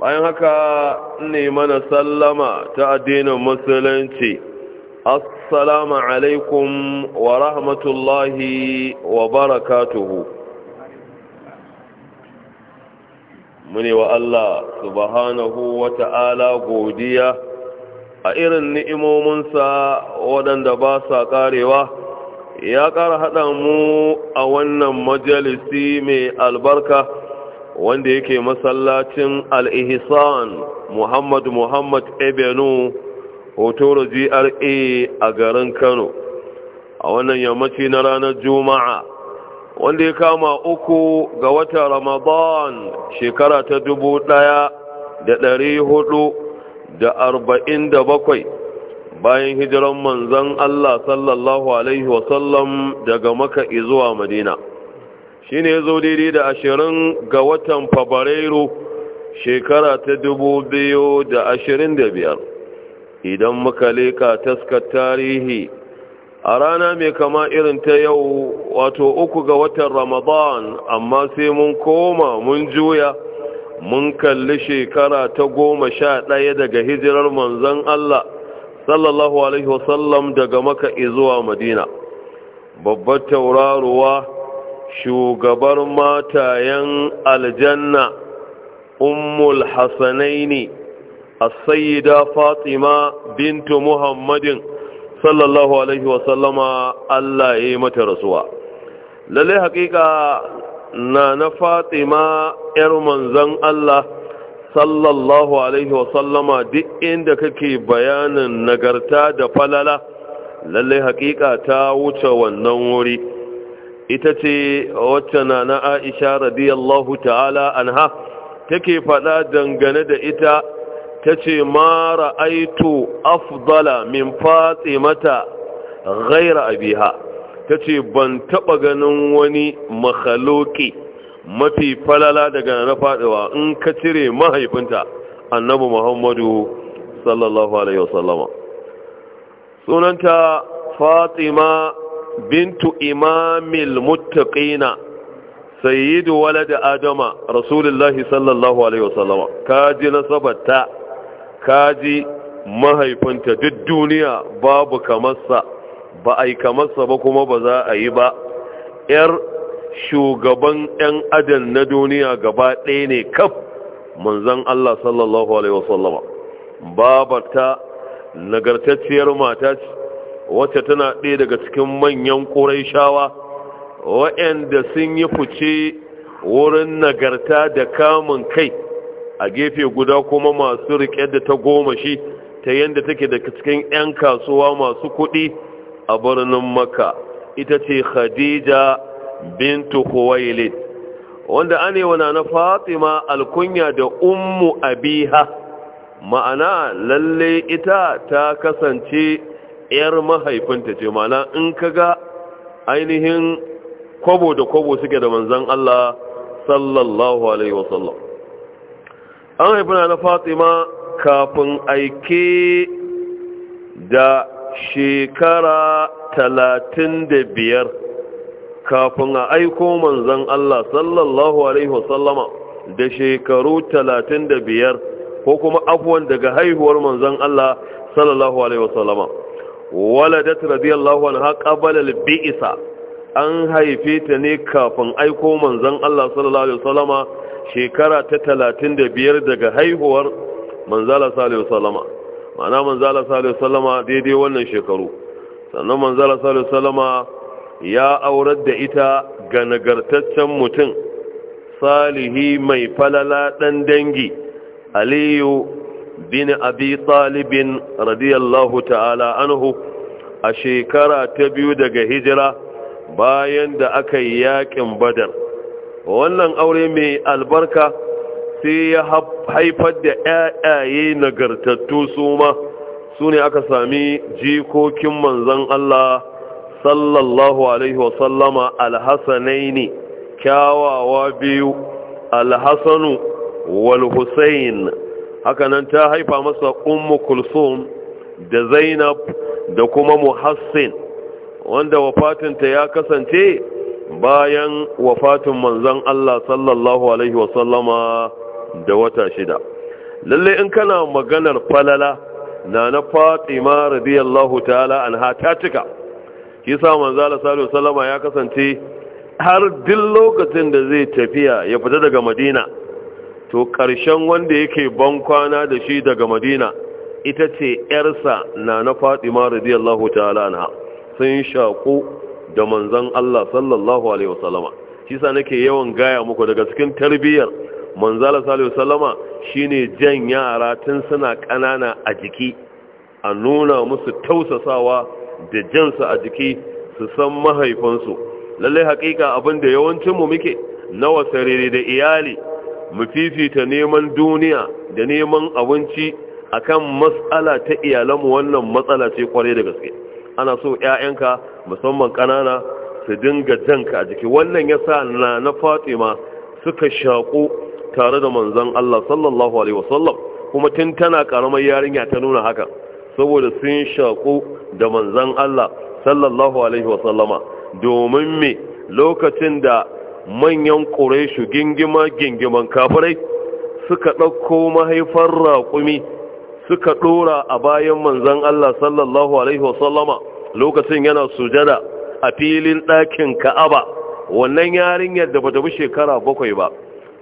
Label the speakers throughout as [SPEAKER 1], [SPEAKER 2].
[SPEAKER 1] bayan haka ne mana sallama ta addinin musulunci assalamu alaikum wa rahmatullahi wa barakatuhu mune wa Allah subhanahu wa ta'ala godiya a irin ni'imominsa waɗanda ba sa ƙarewa ya ƙara haɗa mu a wannan majalisi mai albarka wanda yake masallacin al-ihsan muhammad muhammad ebenu hotoro gra a garin kano a wannan yammaci na ranar juma'a wanda ya kama uku ga wata ramadan shekara ta dubu ɗaya da ɗari hudu da arba'in da bakwai bayan hijiran manzan allah sallallahu alaihi wasallam daga maka zuwa madina shine ya zo daidai da ashirin ga watan fabrairu shekara ta dubu biyu da ashirin da biyar idan muka leka taskar tarihi a rana mai kama irin ta yau wato uku ga watan ramadan amma sai mun koma mun juya mun kalli shekara ta goma sha ɗaya daga hijirar manzon Allah sallallahu alaihi wasallam daga maka izuwa madina babbar tauraruwa shugabar matayen aljanna ummul hasanaini as-sayyida fatima bintu muhammadin sallallahu alaihi wa sallama Allah ya yi mata rasuwa lalle haƙiƙa na na fatima yar manzon Allah sallallahu alaihi wa sallama duk inda kake bayanin nagarta da falala lalle haƙiƙa ta wuce wannan wuri ita ce wacce na na aisha radiyallahu ta'ala anha take faɗa dangane da ita ta ce ma ra'aitu afdala min mata ghaira abiha ta ce ban taɓa ganin wani makhaloki mafi falala daga na faɗiwa in ka cire mahaifinta annabi muhammadu sallallahu alaihi wasallama sunanta fatima bintu imamil muttaqina sayyidu walad adama rasulullahi sallallahu alaihi wasallam kaji nasabarta kaji mahaifinta duk duniya babu kamarsa ba a yi kamarsa ba kuma ba za a yi ba ‘yar shugaban ‘yan adam na duniya gaba ɗaya ne kaf manzan Allah sallallahu Alaihi wasallama babata nagartacciyar mata ce wacce tana ɗaya daga cikin manyan ƙuraishawa waɗanda sun yi fice wurin nagarta da kamun kai a gefe guda kuma masu riƙe da ta goma shi ta yadda take daga cikin 'yan kasuwa masu kuɗi a birnin maka ita ce khadija bintu Huwaili, wanda anewa wana na fatima alkunya da ummu abiha ma'ana lalle ita ta kasance yar mahaifinta ce mana in ka ga ainihin kwabo da kwabo suke da manzan Allah sallallahu alaihi wasallam an haifina na fatima kafin aike da shekara talatin da biyar kafin a aiko manzan Allah sallallahu alaihi wasallama da shekaru talatin da biyar ko kuma afuwan daga haihuwar manzan Allah sallallahu alaihi wasallama waladat radiyallahu anha qabala al-bi'sa an haife ta ne kafin aiko manzon Allah sallallahu alaihi wasallama shekara ta 35 daga haihuwar manzon Allah sallallahu alaihi wasallama ma'ana manzon Allah sallallahu alaihi wasallama daidai wannan shekaru sannan manzon Allah sallallahu alaihi wasallama ya aurar da ita ga nagartaccen mutum salihi mai falala dan dangi aliyu bin abi talibin radiyallahu ta'ala anhu a shekara ta biyu daga hijira bayan da aka yi yakin badar wannan aure mai albarka sai ya haifar da ƴaƴaye nagartattu su ma su ne aka sami jikokin manzon Allah sallallahu alaihi wasallama alhassanaini kyawawa biyu alhassanu walhussain hakanan ta haifa masa ummu kulsum da zainab da kuma muhassin wanda wafatinta ya kasance bayan wafatin manzon Allah sallallahu alaihi wasallama da wata shida lalle in kana maganar falala na na fatima radiyallahu ta'ala anha ta cika kisa manzo Allah sallallahu alaihi ya kasance har duk lokacin da zai tafiya ya fita daga Madina to ƙarshen wanda yake ban kwana da shi daga madina ita ce ‘yarsa na na fatima radiyallahu ta'ala na sun shaƙo da manzan Allah sallallahu alaihi wasallama shi sa nake yawan gaya muku daga cikin tarbiyyar manzala sallallahu alaihi wasallama shine jan yara tun suna ƙanana a jiki a nuna musu tausasawa da jansu a jiki su san mahaifansu lallai haƙiƙa abin da yawancinmu muke na wasarere da iyali mu fifita neman duniya da neman abinci akan matsala ta iyalanmu wannan matsala ce kwarai da gaske ana so ya'yanka musamman ƙanana su dinga janka a jiki wannan yasa na na Fatima suka shaƙo tare da manzon Allah sallallahu alaihi wasallam kuma tun tana ƙaramar yarinya ta nuna haka saboda sun shaƙo da manzon Allah sallallahu alaihi wasallama domin me lokacin da manyan ƙuraishu gingima gingiman kafirai suka ɗauko mahaifar raƙumi suka ɗora a bayan manzan Allah sallallahu Alaihi wasallama lokacin yana sujada a filin ɗakin ka'aba wannan yarinyar da bata bi shekara bakwai ba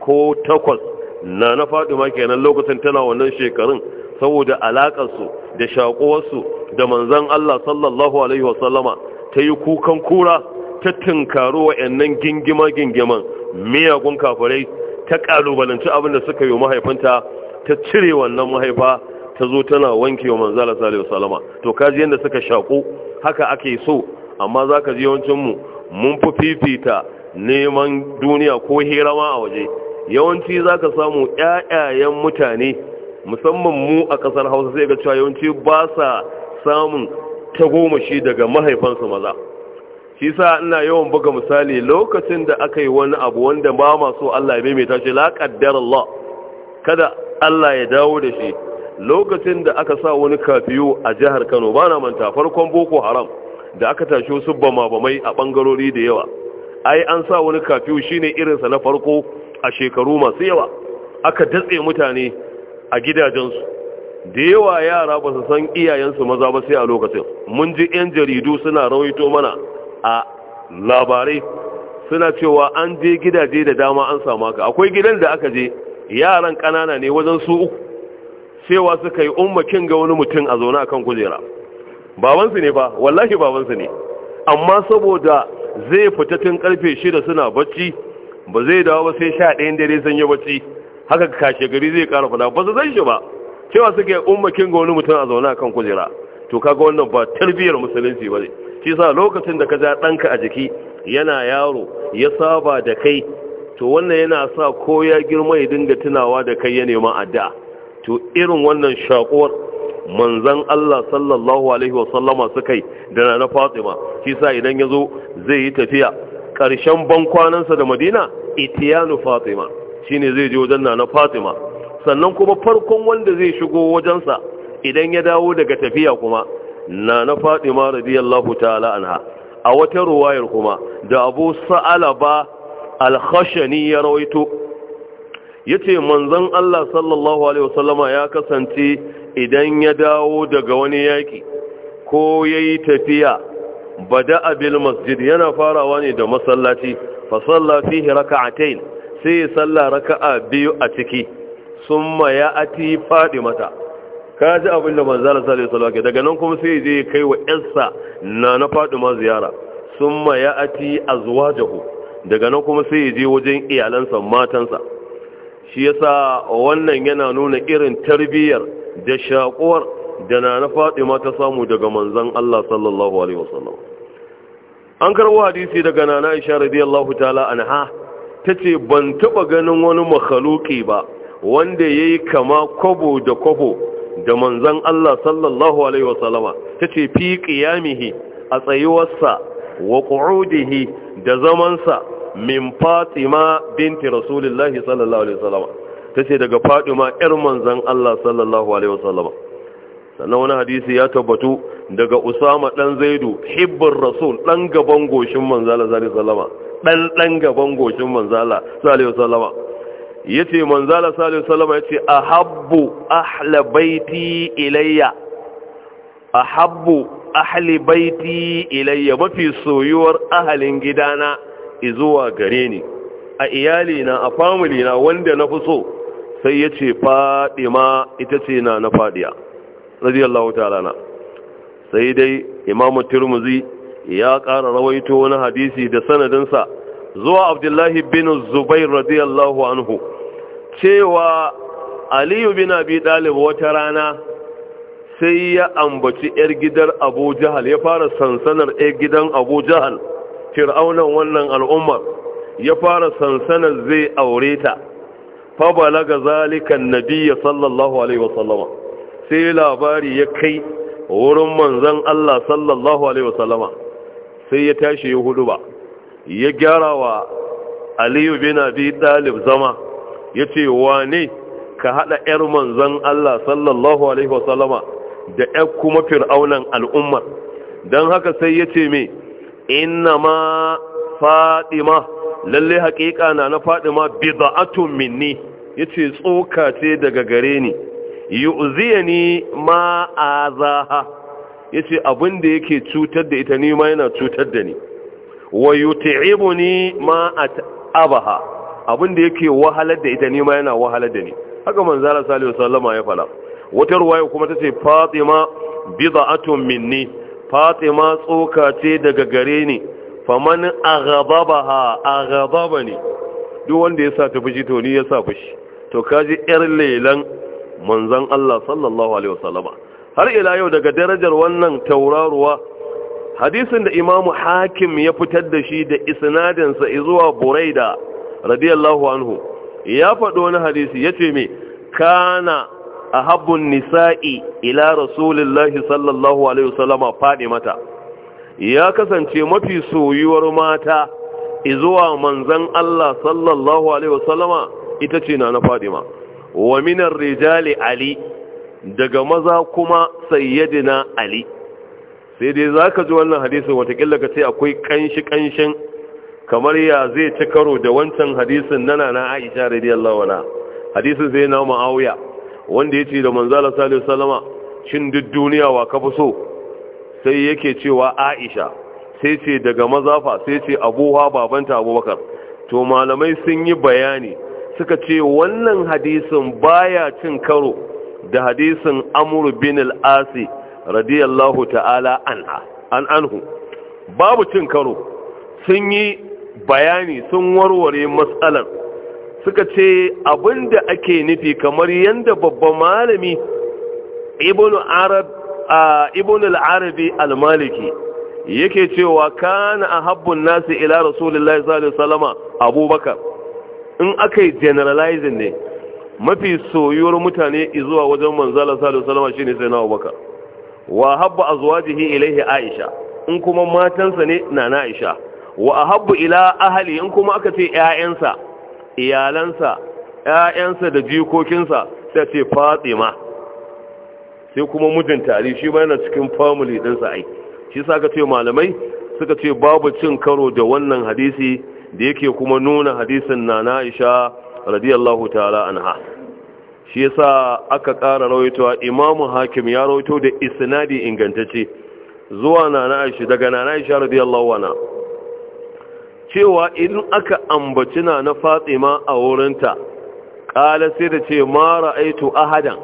[SPEAKER 1] ko takwas na na ma kenan lokacin tana wannan shekarun saboda alaƙarsu da shaƙuwarsu da manzan Allah sallallahu Alaihi wasallama ta yi kukan kura ta tunkaro wa'annan gingima gingiman miyagun kafirai ta kalubalanci abin da suka yi mahaifanta ta cire wannan mahaifa ta zo tana wanke wa manzala salihu salama to kaji yadda suka shaƙo haka ake so amma za ka ji yawancinmu mun fi fifita neman duniya ko hirama a waje yawanci za ka samu ƴaƴayen mutane musamman mu a ƙasar hausa sai ga cewa yawanci ba sa samun tagomashi daga mahaifansu maza shi sa ina yawan buga misali lokacin da aka yi wani abu wanda ba ma so Allah ya maimaita shi la qaddar Allah kada Allah ya dawo da shi lokacin da aka sa wani kafiyo a jihar Kano ba na manta farkon Boko Haram da aka tashi su ba bamai a bangarori da yawa ai an sa wani kafiyo shine irin sa na farko a shekaru masu yawa aka datse mutane a gidajensu da yawa yara ba su san iyayensu maza ba sai a lokacin mun ji 'yan jaridu suna rawaito mana a labarai suna cewa an je gidaje da dama an samu haka akwai gidan da aka je yaran ƙanana ne wajen su uku cewa suka yi ummakin ga wani mutum a zaune akan kujera babansu ne fa wallahi babansu ne amma saboda zai fita tun karfe shida suna bacci ba zai dawo ba sai sha ɗayan dare sun yi bacci haka kashe gari zai ƙara fada ba su zan shi ba cewa suka yi ummakin ga wani mutum a zaune akan kujera to kaga wannan ba tarbiyyar musulunci ba ne shi sa lokacin da ka ja ɗanka a jiki yana yaro ya saba da kai to wannan yana sa ko ya girma ya dinga tunawa da kai ya nema addu'a to irin wannan shakuwar manzan Allah sallallahu alaihi wasallama suka yi da na Fatima shi sa idan ya zo zai yi tafiya ƙarshen bankwanansa da Madina itiyanu Fatima shine zai je wajen na Fatima sannan kuma farkon wanda zai shigo wajensa idan ya dawo daga tafiya kuma na na fatima radiyallahu ta'ala anha a wata ruwayar kuma da abu sa'alaba al-khashani ya rawaito yace manzon Allah sallallahu alaihi wasallama ya kasance idan ya dawo daga wani yaki ko yayi tafiya bada bil masjid yana farawa ne da masallaci fa salla fihi rak'atayn sai salla raka'a biyu a ciki summa ya ati fadimata ka ji abin da manzala sallallahu alaihi wasallam daga nan kuma sai je kai wa yarsa na na ma ziyara summa ya'ati jahu daga nan kuma sai je wajen iyalansa matansa shi yasa wannan yana nuna irin tarbiyyar da shakuwar da na na ma ta samu daga manzon Allah sallallahu alaihi wasallam an karbo hadisi daga nana Aisha radiyallahu ta'ala anha tace ban taba ganin wani makhluki ba wanda yayi kama kobo da kobo. da manzan Allah sallallahu alaihi wasallama ce fi ƙiyamihi a tsayuwarsa wa qu'udihi da zamansa min Fatima binti Rasulullahi sallallahu alaihi wasallama ce daga Fatima yar manzan Allah sallallahu alaihi wasallama sannan wani hadisi ya tabbatu daga Usama ɗan Zaidu hibbar rasul ɗan gaban goshin manzala sallallahu alaihi wasallama ɗan gaban goshin manzala sallallahu alaihi wasallama yace manzala sallallahu alaihi wasallam yace ahabbu ahla baiti ilayya ahabbu ahli baiti ilayya mafi soyuwar ahalin gidana izuwa gare ni a iyalina, a family wanda na fi so sai yace fadima ita ce na na fadiya radiyallahu ta'ala na sai dai imamu tirmizi ya ƙara rawaito wani hadisi da sanadinsa zuwa abdullahi bin zubair radiyallahu anhu cewa aliyu bin abi dalib wata rana sai ya ambaci yar gidan abu jahal ya fara sansanar yar gidan abu jahal fir'aunan wannan al'ummar ya fara sansanar zai aure ta fa ga zalikan nabiya sallallahu alaihi wasallama sai labari ya kai wurin manzon Allah sallallahu alaihi wasallama sai ya tashi ya hudu ba ya gyara wa aliyu bin abi dalib zama ya ce wane ka haɗa 'yar manzan Allah sallallahu alaihi wasallama da 'yar kuma fir'aunan al'ummar don haka sai ya ce me inna ma fadima lalle haƙiƙa na na fadima bid'atun minni yace tsoka ce daga gare ni yu'ziyani ma azaha yace abin da yake cutar da ita ni ma yana cutar da ni wa ma at'abaha abin da yake wahalar da ita ne ma yana wahalar da ni haka manzo Allah sallallahu alaihi wasallama ya fala wata ruwaya kuma tace Fatima bid'atun minni Fatima tsoka ce daga gare ni faman aghababaha aghababani duk wanda ya sa ta fushi to ni yasa sa fushi to kaji yar lelan manzon Allah sallallahu alaihi wasallama har ila yau daga darajar wannan tauraruwa hadisin da imamu hakim ya fitar da shi da isnadinsa zuwa buraida radiyallahu anhu ya faɗo wani hadisi ya ce mai kana a habbin nisa'i ila rasulillahi sallallahu alaihi wasallama faɗi mata ya kasance mafi soyuwar mata izuwa manzan Allah sallallahu alaihi wasallama ita ce na na faɗi ma, wa minar rijali ali daga maza kuma sayyadina ali sai dai za ka ji wannan hadisin watakila ka ce akwai kanshi-kanshin kamar ya zai ci karo da wancan hadisin nana na aisha radiyallahu lawana. hadisin sai na ma'auya wanda ya ce da manzala salih salama shin duk duniya wa ka fi so sai yake cewa aisha sai ce daga mazafa sai ce abuwa babanta abubakar to malamai sun yi bayani suka ce wannan hadisin baya cin karo da hadisin amur bin al'asi radiyallahu ta'ala anha an anhu babu cin karo sun yi bayani sun warware matsalar suka ce abinda ake nufi kamar yadda babban malami ibn arab ibn al-arabi al-maliki yake cewa kana ahabbun nasi ila rasulullahi sallallahu alaihi wasallama abubakar in aka yi generalizing ne mafi soyuwar mutane zuwa wajen manzala sallallahu alaihi wasallama shine sai abubakar wa habba azwajihi ilayhi aisha in kuma matansa ne na aisha wa habbu ila ahli in kuma aka ce ƴaƴansa iyalansa ƴaƴansa da jikokinsa sai ce fatima sai kuma mijin tare shi ba yana cikin family ɗinsa ai shi sa aka ce malamai suka ce babu cin karo da wannan hadisi da yake kuma nuna hadisin na aisha radiyallahu ta'ala anha shi yasa aka ƙara rawaitowa imamu hakim ya rawaito da isnadi ingantacce zuwa nana aisha daga nana aisha radiyallahu anha cewa idan aka ambaci na na fatima a wurinta ƙala sai da ce ma ra'aitu ahadan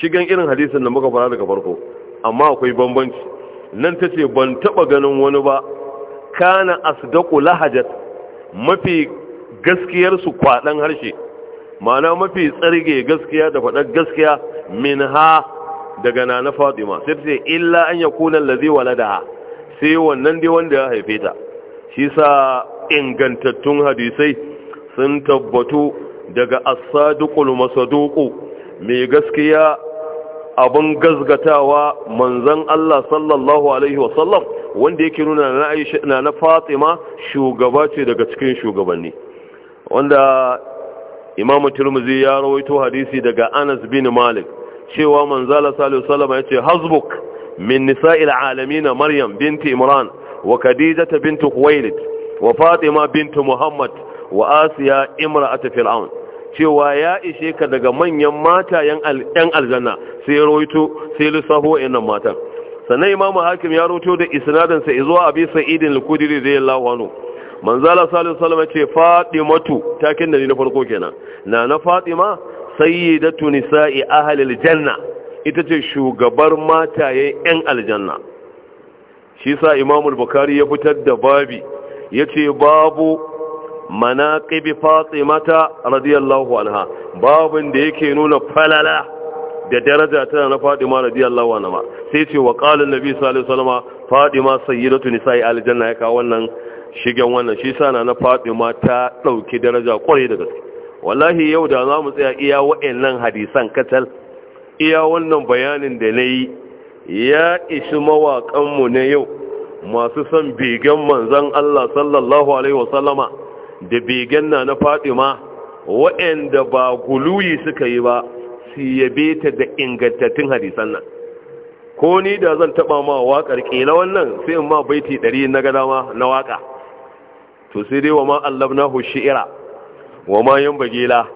[SPEAKER 1] shigan irin hadisin da muka fara daga farko amma akwai bambanci nan ta ce ban taɓa ganin wani ba kana asdaqu lahajat mafi gaskiyarsu kwaɗan harshe ma'ana mafi tsarge gaskiya da faɗar gaskiya min ha daga nana fatima sai ce illa an ya kunan lazi ladaha sai wannan dai wanda ya haife ta shi sa ingantattun hadisai sun tabbatu daga asadukul masaduku mai gaskiya abin gazgatawa manzan Allah sallallahu alaihi wasallam wanda yake nuna na na Fatima shugaba ce daga cikin shugabanni wanda imam turmuzi ya rawaito hadisi daga anas bin malik cewa manzala salihu salama ya ce hasbuk min nisa'il alamina maryam binti imran wa khadijata binti khuwailid wa fatima binti muhammad wa asiya imra'atu fir'aun cewa ya ishe ka daga manyan mata yan aljanna sai rawaito sai lissafo matan sannan imam hakim ya rawaito da isnadin sa zuwa abi sa'idin al-kudri radiyallahu anhu manzala salisu salama ce fatimatu takin da ni na farko kenan na na fatima sayyidatu nisa'i ahli janna ita ce shugabar matayen yan aljanna shi sa al-bukhari ya fitar da babi ya ce babu manaqib fatimata radiyallahu anha babin da yake nuna falala da daraja tana na fatima radiyallahu anha sai ce wa qala an-nabi sallallahu alaihi wasallam fatima sayyidatu nisa'i aljanna ya kawo wannan shigen wannan shi sana na fatima ta ɗauki daraja kwarai da gaske wallahi yau da za mu tsaya iya wa'annan hadisan katal iya wannan bayanin da na yi ya ishi mawaƙanmu na yau masu son begen manzan Allah sallallahu Alaihi wasallama da begen na na fatima wa'anda ba guluyi suka yi ba su yabe ta da ingantattun hadisan nan ko ni da zan taɓa ma waƙar ƙila wannan sai in ma baiti ɗari na gada ma na waƙa to sai dai wa ma hu shi'ira wa ma yanbaghi la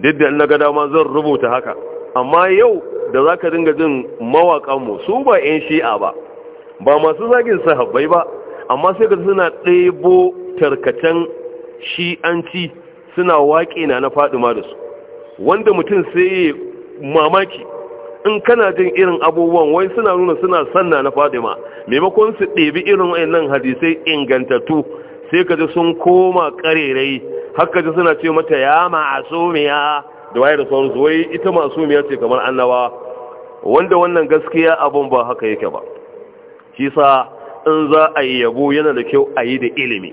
[SPEAKER 1] duk da na ga dama zan rubuta haka amma yau da za ka dinga jin mawakan mu su ba yan shi'a ba ba masu zagin sahabbai ba amma sai ka suna ɗebo tarkatan shi'anci suna waƙe na na ma da su wanda mutum sai mamaki in kana jin irin abubuwan wai suna nuna suna sanna na fadima maimakon su ɗebi irin wayannan hadisai ingantattu sai ka ji sun koma karerai haka ji suna ce mata ya ma'asumiya da waye da sauransu wai ita ma'asumiya ce kamar annawa wanda wannan gaskiya abin ba haka yake ba shi sa in za a yi yabo yana da kyau a yi da ilimi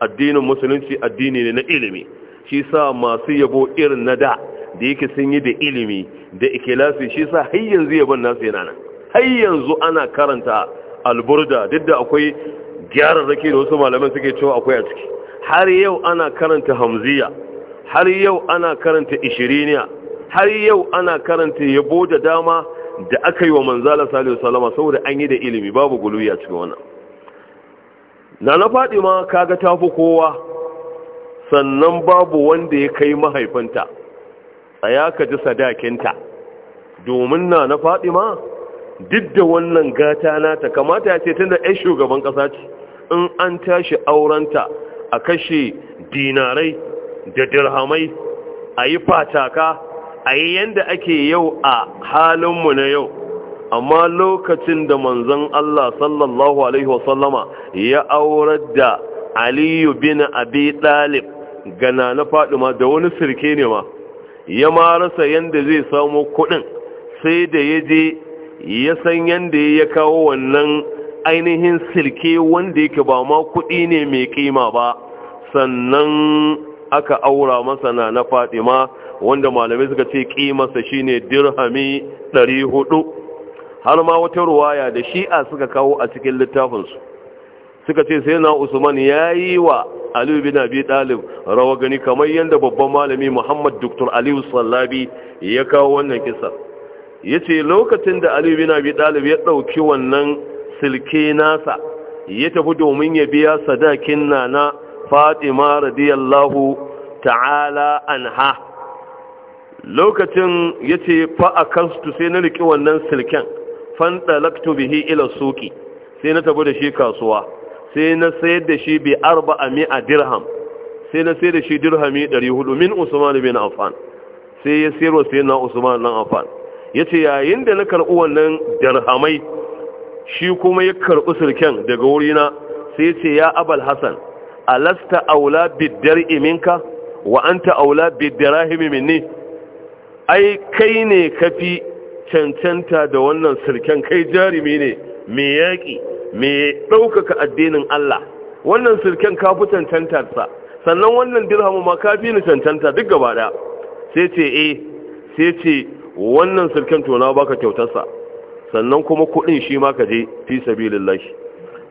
[SPEAKER 1] addinin musulunci addini ne na ilimi shi sa masu yabo irin na da da yake sun yi da ilimi da ikilasi shi sa har yanzu yabon nasu yana nan har ana karanta alburda duk da akwai zaki da wasu malaman suke cewa akwai a ciki har yau ana karanta hamziya har yau ana karanta ishiriniya har yau ana karanta yabo da dama da aka yi wa manzala salihu salama saboda an yi da ilimi babu guluya cikin wannan na na faɗi ma kaga tafi kowa sannan babu wanda ya kai mahaifinta a ya ka ji sadakinta domin na na faɗi ma duk da wannan gata nata kamata ya ce tun da 'yan shugaban ƙasa ce in an tashi aurenta a kashe dinarai da dirhamai a yi fataka a yi yadda ake yau a halinmu na yau amma lokacin da manzon Allah sallallahu Alaihi wasallama ya aurar da aliyu bin abi dalib gana na faɗi ma da wani sirke ne ma ya marasa yadda zai samu kuɗin sai da ya je ya san yadda ya kawo wannan ainihin silke wanda yake ba ma kuɗi ne mai kima ba sannan aka aura masa na na fatima wanda malamai suka ce shi ne dirhami 400 har ma wata ruwaya da shi a suka kawo a cikin littafinsu suka ce sai na usman ya yi wa aliyu bin abi Dalib rawa gani kamar yadda babban malami muhammad dr aliyu sallabi ya kawo wannan kisa ya ce lokacin da aliyu bin abi Dalib ya ɗauki wannan silke nasa ya tafi domin ya biya sadakin nana fatima radiyallahu ta'ala anha lokacin ya ce kastu sai na riƙi wannan silken fandalaktu bihi ila soki sai na tafi da shi kasuwa sai na sayar da shi bi arba a mi'a dirham sai na sayar da shi dirhami 400 min usman bin afan sai ya sayarwa sai na usman nan afan ya ce yayin da na karɓi wannan dirhamai shi kuma ya karɓi sirken daga wurina sai ce ya abal hasan alasta aula biddar iminka wa an anta aula rahimimin ne ai kai ne ka fi cancanta da wannan sirken kai jarumi ne me yaƙi me ɗaukaka addinin Allah wannan sirken ka fi cancantarsa sannan wannan dirhamu ma ka fi ni cancanta duk gaba ɗaya sai ce eh sai ce wannan sirken to na baka kyautarsa sannan kuma kuɗin shi ma ka je fi sabilillah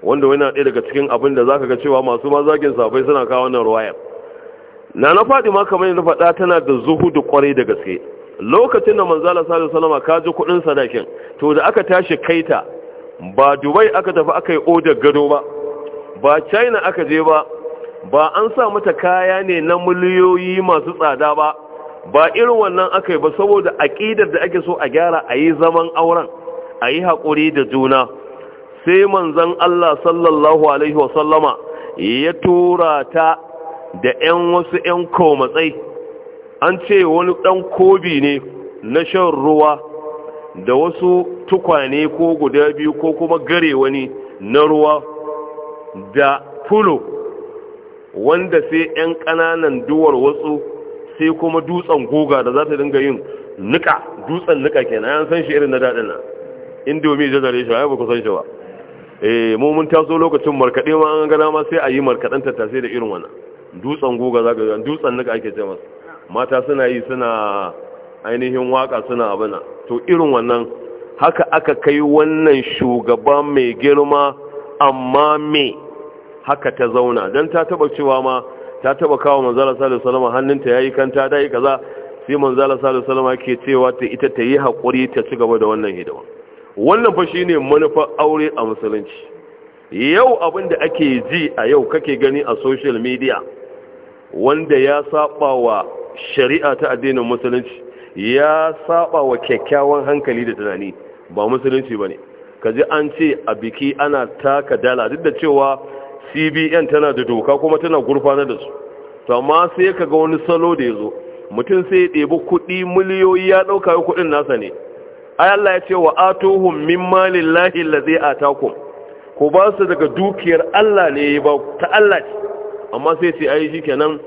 [SPEAKER 1] wanda wani ɗaya daga cikin abin da zaka ga cewa masu ma zagin safai suna kawo wannan ruwaya na na faɗi ma kamar yadda faɗa tana da zuhudu kwarai da gaske lokacin da manzala sallallahu alaihi wasallam ka ji kuɗin sadakin to da aka tashi kaita ba Dubai aka tafi aka yi odar gado ba ba China aka je ba ba an sa mata kaya ne na miliyoyi masu tsada ba ba irin wannan aka ba saboda aƙidar da ake so a gyara a yi zaman auren a yi haƙuri da juna sai manzan Allah sallallahu Alaihi wasallama ya tura ta da ‘yan wasu ‘yan komatsai an ce wani ɗan kobi ne na shan ruwa da wasu tukwane ko guda biyu ko kuma gare wani na ruwa da fulo wanda sai ‘yan ƙananan duwar wasu sai kuma dutsen goga da za ta dinga yin nika dutsen nika kenan an san shi irin na daɗina. indomi zare shi ai ba ku san shi ba eh mu mun taso lokacin markade ma an ga ma sai a yi markadan tattase da irin wannan dutsen goga zaka ga dutsen nika ake ce mata suna yi suna ainihin waka suna abana to irin wannan haka aka kai wannan shugaba mai girma amma me haka ta zauna dan ta taba cewa ma ta taba kawo manzala sallallahu alaihi wasallam hannunta yayi kanta dai kaza sai manzala sallallahu alaihi wasallam ke cewa ta ita ta yi hakuri ta ci gaba da wannan hidima wannan fa ne manufar aure a musulunci yau abinda ake ji a yau kake gani a social media wanda ya saba wa shari'a ta addinin musulunci ya saba wa kyakkyawan hankali da tunani ba musulunci ba ne. kaji an ce a biki ana taka dala duk da cewa CBN tana da doka kuma tana gurfanar da su to amma sai kaga wani salo da ya zo, mutum sai ya ɗebi kuɗi miliyoyi ya ɗauka kuɗin nasa ne ai Allah ya ce wa atuhum min malillahi allazi atakum ku ba su daga dukiyar Allah ne ba ta Allah ce amma sai yi ai kenan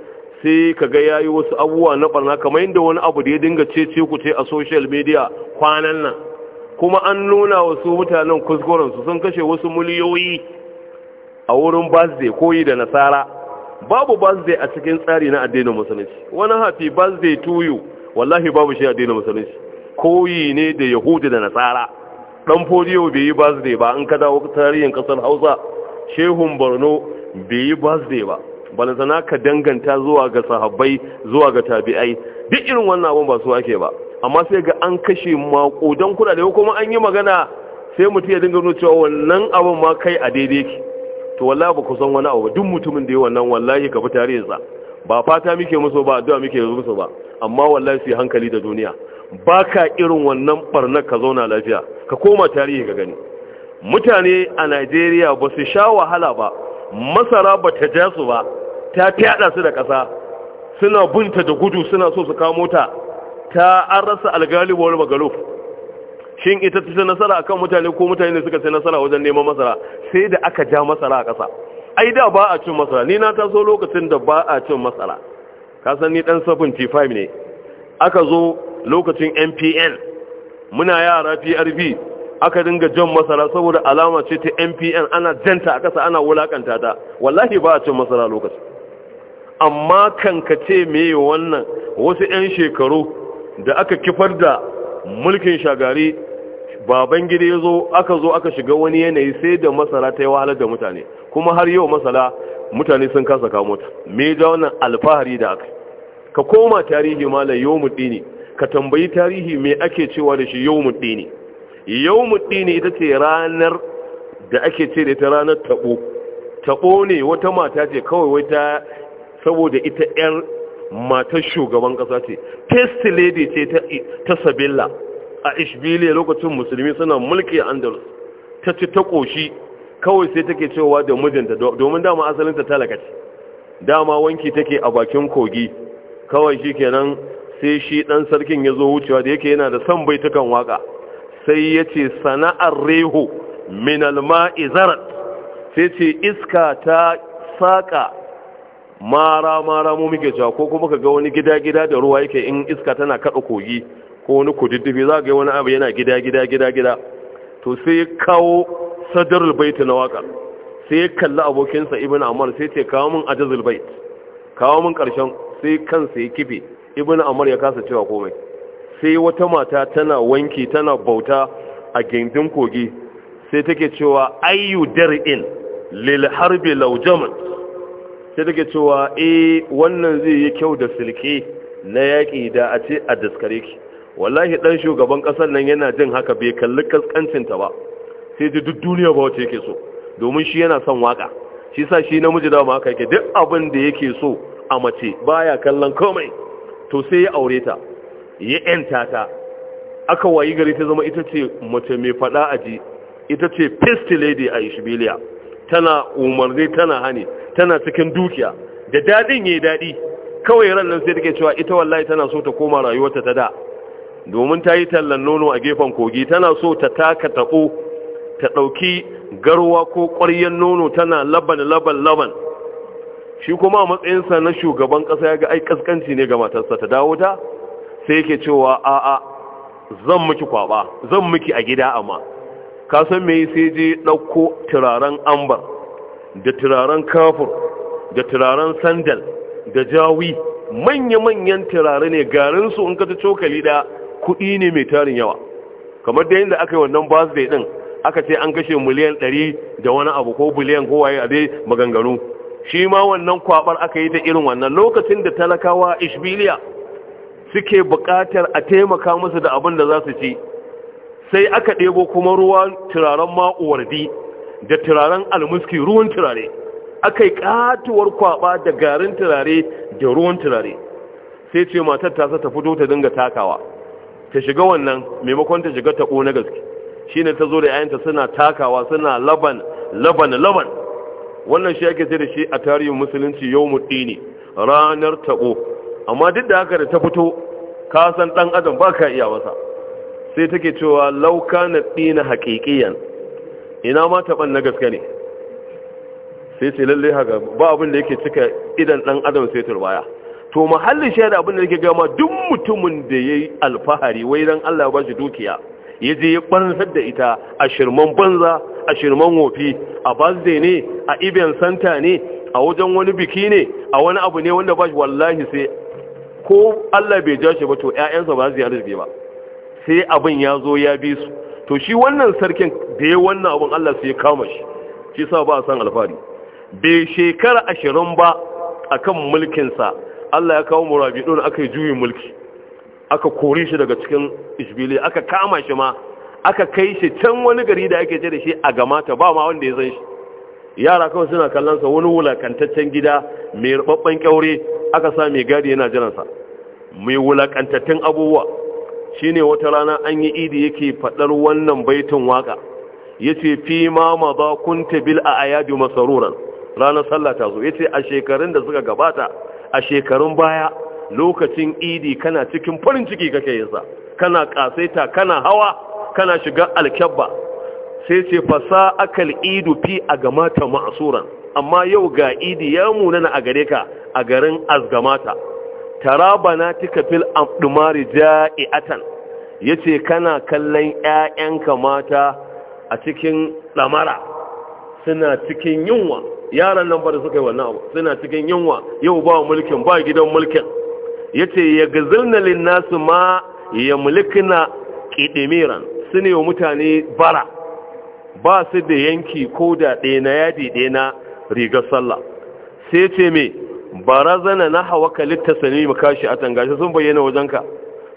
[SPEAKER 1] sai kaga yayi wasu abubuwa na barna kamar inda wani abu da ya dinga ce-ce ku ce a social media kwanan nan kuma an nuna wasu mutanen kuskuren su sun kashe wasu miliyoyi a wurin birthday koyi da nasara babu birthday a cikin tsari na addinin musulunci wani happy birthday to you wallahi babu shi addinin musulunci koyi ne da yahudi da nasara dan fodiyo bai yi birthday ba an ka dawo tarihin kasar hausa shehun borno bai yi birthday ba balantana ka danganta zuwa ga sahabbai zuwa ga tabi'ai duk irin wannan abun ba su ake ba amma sai ga an kashe makodan kuɗaɗe kuma an yi magana sai mutum ya dinga nuna cewa wannan abun ma kai a daidai ki to wallahi ba ku san wani abu duk mutumin da ya wannan wallahi ka fi tarihinsa ba fata muke musu ba addu'a muke musu ba amma wallahi su hankali da duniya Baka irin wannan barna ka zauna lafiya ka koma tarihi ga gani mutane a najeriya ba su sha wahala ba masara ba ta ja su ba ta fyaɗa su da ƙasa suna bunta da gudu suna so su kamo ta ta an rasa algalibuwar shin ita ta nasara akan mutane ko mutane ne suka sai nasara wajen neman masara sai da aka ja masara a ƙasa ai da ba a cin masara ni na taso lokacin da ba a cin masara ka san ni dan 75 ne aka zo lokacin mpn muna yara prb aka dinga jan masara saboda alama ce ta mpn ana janta a kasa ana wulakanta ta wallahi ba a cin masara lokacin amma ce me wannan wasu 'yan shekaru da aka kifar da mulkin shagari baban gida ya zo aka zo aka shiga wani yanayi sai da masara ta yi wahalar da mutane kuma har yau masara mutane sun kasa kamo ta me da wannan alfahari da aka ka koma tarihi malam yau mutini ka tambayi tarihi me ake cewa da shi yau ne yau yawmul ne ita ce ranar da ake ce da ta ranar taɓo. Taɓo ne wata mata ce kawai wata saboda ita yar matar shugaban ƙasa ce test lady ce ta sabilla a ishbiliya lokacin musulmi suna mulki andalus ta ci ta ƙoshi kawai sai take cewa da mijinta domin dama asalinta talaka ce dama wanki take a bakin kogi kawai shi kenan sai shi ɗan sarkin ya zo wucewa da yake yana da son baitukan waka sai ya ce sana'ar rehu min alma'i sai ce iska ta saƙa mara mara mu muke cewa ko kuma ka ga wani gida gida da ruwa yake in iska tana kaɗa kogi ko wani kududdufi za ga wani abu yana gida gida gida gida to sai kawo sadar bait na waka sai ya kalli abokinsa ibn amal sai ce kawo min ajazul bait kawo min karshen sai kansa ya kife ibn amr ya kasa cewa komai sai wata mata tana wanki tana bauta a gindin kogi sai take cewa ayu dar'in lil harbi law jamat sai take cewa eh wannan zai yi kyau da silke na yaki da a ce a daskare ki wallahi dan shugaban kasar nan yana jin haka bai kalli kaskancin ta ba sai ji duk duniya ba wace yake so domin shi yana son waka shi sa shi namiji da ma haka yake duk abin da yake so a mace baya kallon komai to sai ya aure ta ya yanta ta aka wayi gari ta zama ita ce mace mai fada aji ita ce pest lady a ishibiliya tana umarni tana hani tana cikin dukiya da dadin yayi dadi kawai ran nan sai take cewa ita wallahi tana so ta koma rayuwarta ta da domin ta yi tallan nono a gefen kogi tana so ta taka taɓo ta ɗauki garwa ko ƙwaryen nono tana laban laban laban shi kuma matsayinsa na shugaban ƙasa ya ga ai kaskanci ne ga matarsa ta dawo ta sai yake cewa a'a zan miki kwaba zan miki a gida amma ka san me sai je ɗauko turaren ambar da turaren kafur da turaren sandal da jawi manya-manyan turare ne garinsu in ka ta cokali da kuɗi ne mai tarin yawa kamar da yadda aka yi wannan birthday din aka ce an kashe miliyan ɗari da wani abu ko biliyan kowaye a dai maganganu shi ma wannan kwabar aka yi ta irin wannan lokacin da talakawa ishbiliya suke buƙatar a taimaka musu da abin da za su ci sai aka ɗebo kuma ruwa turaren ma'uwardi da turaren almuski ruwan turare aka yi ƙatuwar kwaɓa da garin turare da ruwan turare sai ce matar ta ta fito ta dinga takawa ta shiga wannan maimakon ta shiga taɓo na gaske shi ne ta zo da yayanta suna takawa suna laban laban laban wannan shi ake sai da shi a tarihin musulunci yau ne ranar tabo amma duk da haka da ta fito ka san dan adam ba ka iya masa sai take cewa lauka na dina haƙiƙiyan ina ma taban na gaske ne sai ce lalle haka ba abin da yake cika idan ɗan adam sai turbaya to mahallin da abin da yake gama duk mutumin da yayi alfahari wai dan Allah ba shi dukiya ya je ya ɓarnar da ita a shirman banza a shirman wofi a birthday ne a ibn santa ne a wajen wani biki ne a wani abu ne wanda ba shi wallahi sai ko Allah bai ja shi ba to ƴaƴansa ba zai yi ba sai abin ya zo ya bi su to shi wannan sarkin da ya wannan abin Allah sai ya kama shi shi sa ba a san alfari bai shekara ashirin ba akan mulkinsa Allah ya kawo murabiɗun aka yi juyin mulki aka kore shi daga cikin ishbili aka kama shi ma aka kai shi can wani gari da ake ce da shi a gamata ba ma wanda ya san shi yara kawai suna kallon sa wani wulakantaccen gida mai rubabban kyaure aka sa mai gadi yana jiransa mai wulakantattun abubuwa shine wata rana an yi idi yake faɗar wannan baitin waka Ya ce fi ma ma ba kunta bil ayadi masaruran ranar sallah ta zo ce a shekarun da suka gabata a shekarun baya lokacin idi kana cikin farin ciki kake yasa? kana kasaita kana hawa kana shiga alkyabba sai ce fasa akal idu fi a gamata ma'asuran amma yau ga idi ya na a gare ka a garin azgamata tarabana tika fil abdumari ja'i'atan yace kana kallon ƴaƴanka mata a cikin lamara suna cikin yunwa yaran nan ba da suka yi wannan abu suna cikin yunwa yau ba mulkin ba gidan mulkin yace ya gazilna lin ma ya mulkina ƙiɗimiran su ne wa mutane bara ba su da yanki ko da ɗaya na yadi ɗaya rigar sallah sai ce mai barazana na hawa ka maka makashi a tangashi sun bayyana wajenka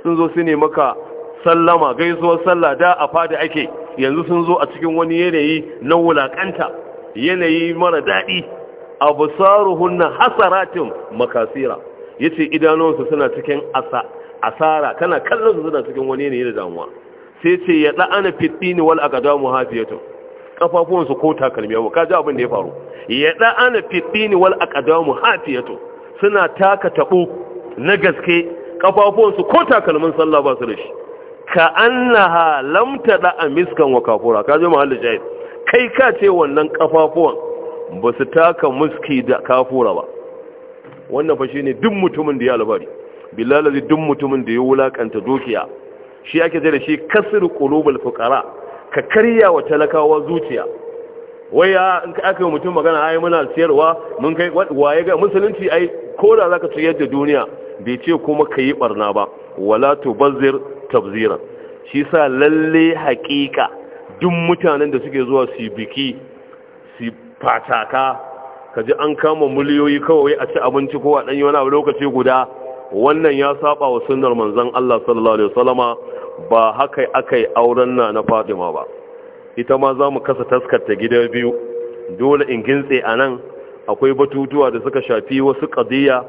[SPEAKER 1] sun zo su ne maka sallama gaisuwar sallah da a fada ake yanzu sun zo a cikin wani yanayi na wulaƙanta yanayi mara daɗi abu saruhunna hasaratin makasira yace idanunsu suna cikin asara kana kallon su suna cikin wani yanayi da damuwa sai ce ya da'ana fitini wal aqdamu hafiyatu kafafuwan su ko takalmi yawo kaji abin da ya faru ya da'ana fitini wal aqdamu hafiyatu suna taka tabo na gaske kafafuwan su ko takalmin sallah ba su da shi ka annaha lam tada miskan wa kafura kaji mahallin jahil kai ka ce wannan kafafuwan ba su taka muski da kafura ba wannan fa shine duk mutumin da ya albari bilalazi duk mutumin da ya wulakanta dukiya shi ake da shi kasir qulubul fuqara ka karya wa talakawa zuciya waya in ka aka mutum magana ai muna siyarwa mun kai waye ga musulunci ai koda zaka ciyar da duniya bai ce kuma kayi barna ba wala tubazzir tabzira shi sa lalle haƙiƙa duk mutanen da suke zuwa su biki su fataka kaji an kama miliyoyi kawai a ci abinci ko a danyi wani lokaci guda wannan ya saba wa sunnar manzon Allah sallallahu alaihi wasallama ba haka akai auren na na Fatima ba ita ma za mu kasa taskarta gida biyu dole in gintse a nan akwai batutuwa da suka shafi wasu ƙadiyya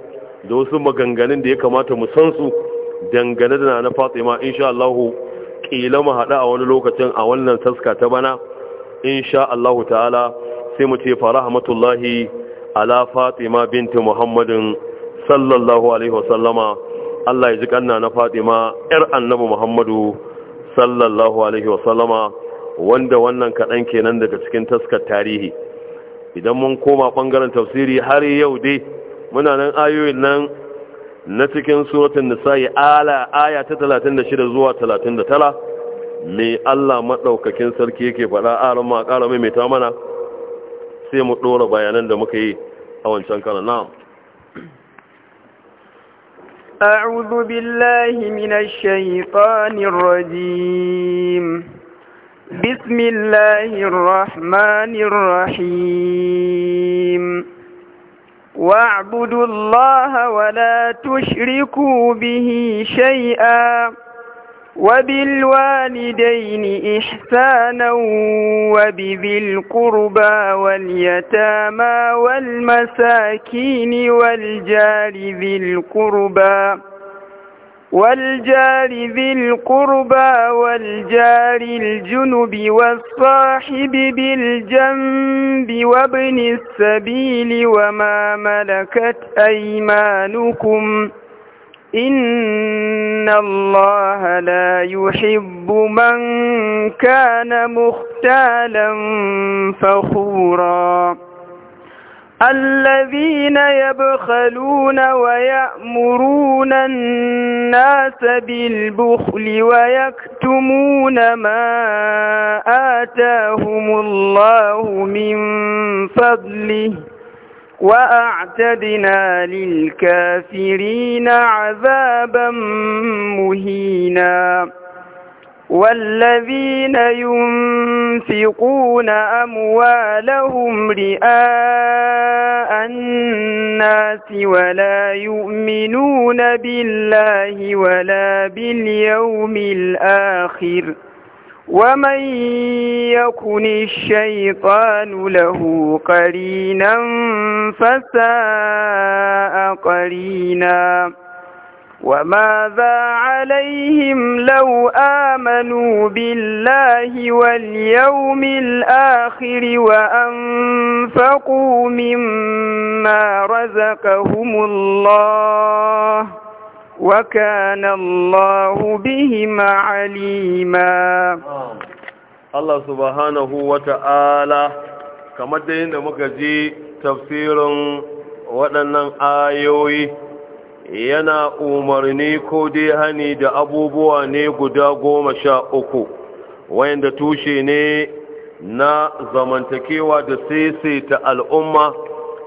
[SPEAKER 1] da wasu maganganun da ya kamata mu san su dangane da na fatima insha Allah kila mu haɗa a wani lokacin a wannan taska ta bana insha Allah ta'ala sai mu ce fa rahmatullahi ala fatima binti muhammadin sallallahu alaihi wasallama Allah ya ji kanna na Fatima yar annabi Muhammadu sallallahu alaihi wasallama wanda wannan kaɗan kenan daga cikin taskar tarihi idan mun koma ɓangaren tafsiri har yau dai muna nan ayoyin nan na cikin suratun nisa'i ala aya ta 36 zuwa 39 me Allah maɗaukakin sarki yake faɗa aron ma ƙara mai ta mana sai mu ɗora bayanan da muka yi a wancan karan na'am
[SPEAKER 2] أعوذ بالله من الشيطان الرجيم بسم الله الرحمن الرحيم واعبدوا الله ولا تشركوا به شيئا وبالوالدين إحسانا وبذي القربى واليتامى والمساكين والجار ذي القربى والجار ذي القربى والجار الجنب والصاحب بالجنب وابن السبيل وما ملكت أيمانكم ۖ إن الله لا يحب من كان مختالا فخورا الذين يبخلون ويأمرون الناس بالبخل ويكتمون ما آتاهم الله من فضله وأعتدنا للكافرين عذابا مهينا والذين ينفقون أموالهم رئاء الناس ولا يؤمنون بالله ولا باليوم الآخر ۖ ومن يكن الشيطان له قرينا فساء قرينا وماذا عليهم لو آمنوا بالله واليوم الآخر وأنفقوا مما رزقهم الله وكان الله بهما عليما
[SPEAKER 1] الله سبحانه وتعالى كما دين مكجي tafsirin waɗannan ayoyi yana umarni ko dai hani da abubuwa ne guda goma sha uku wayanda tushe ne na zamantakewa da saisaita al'umma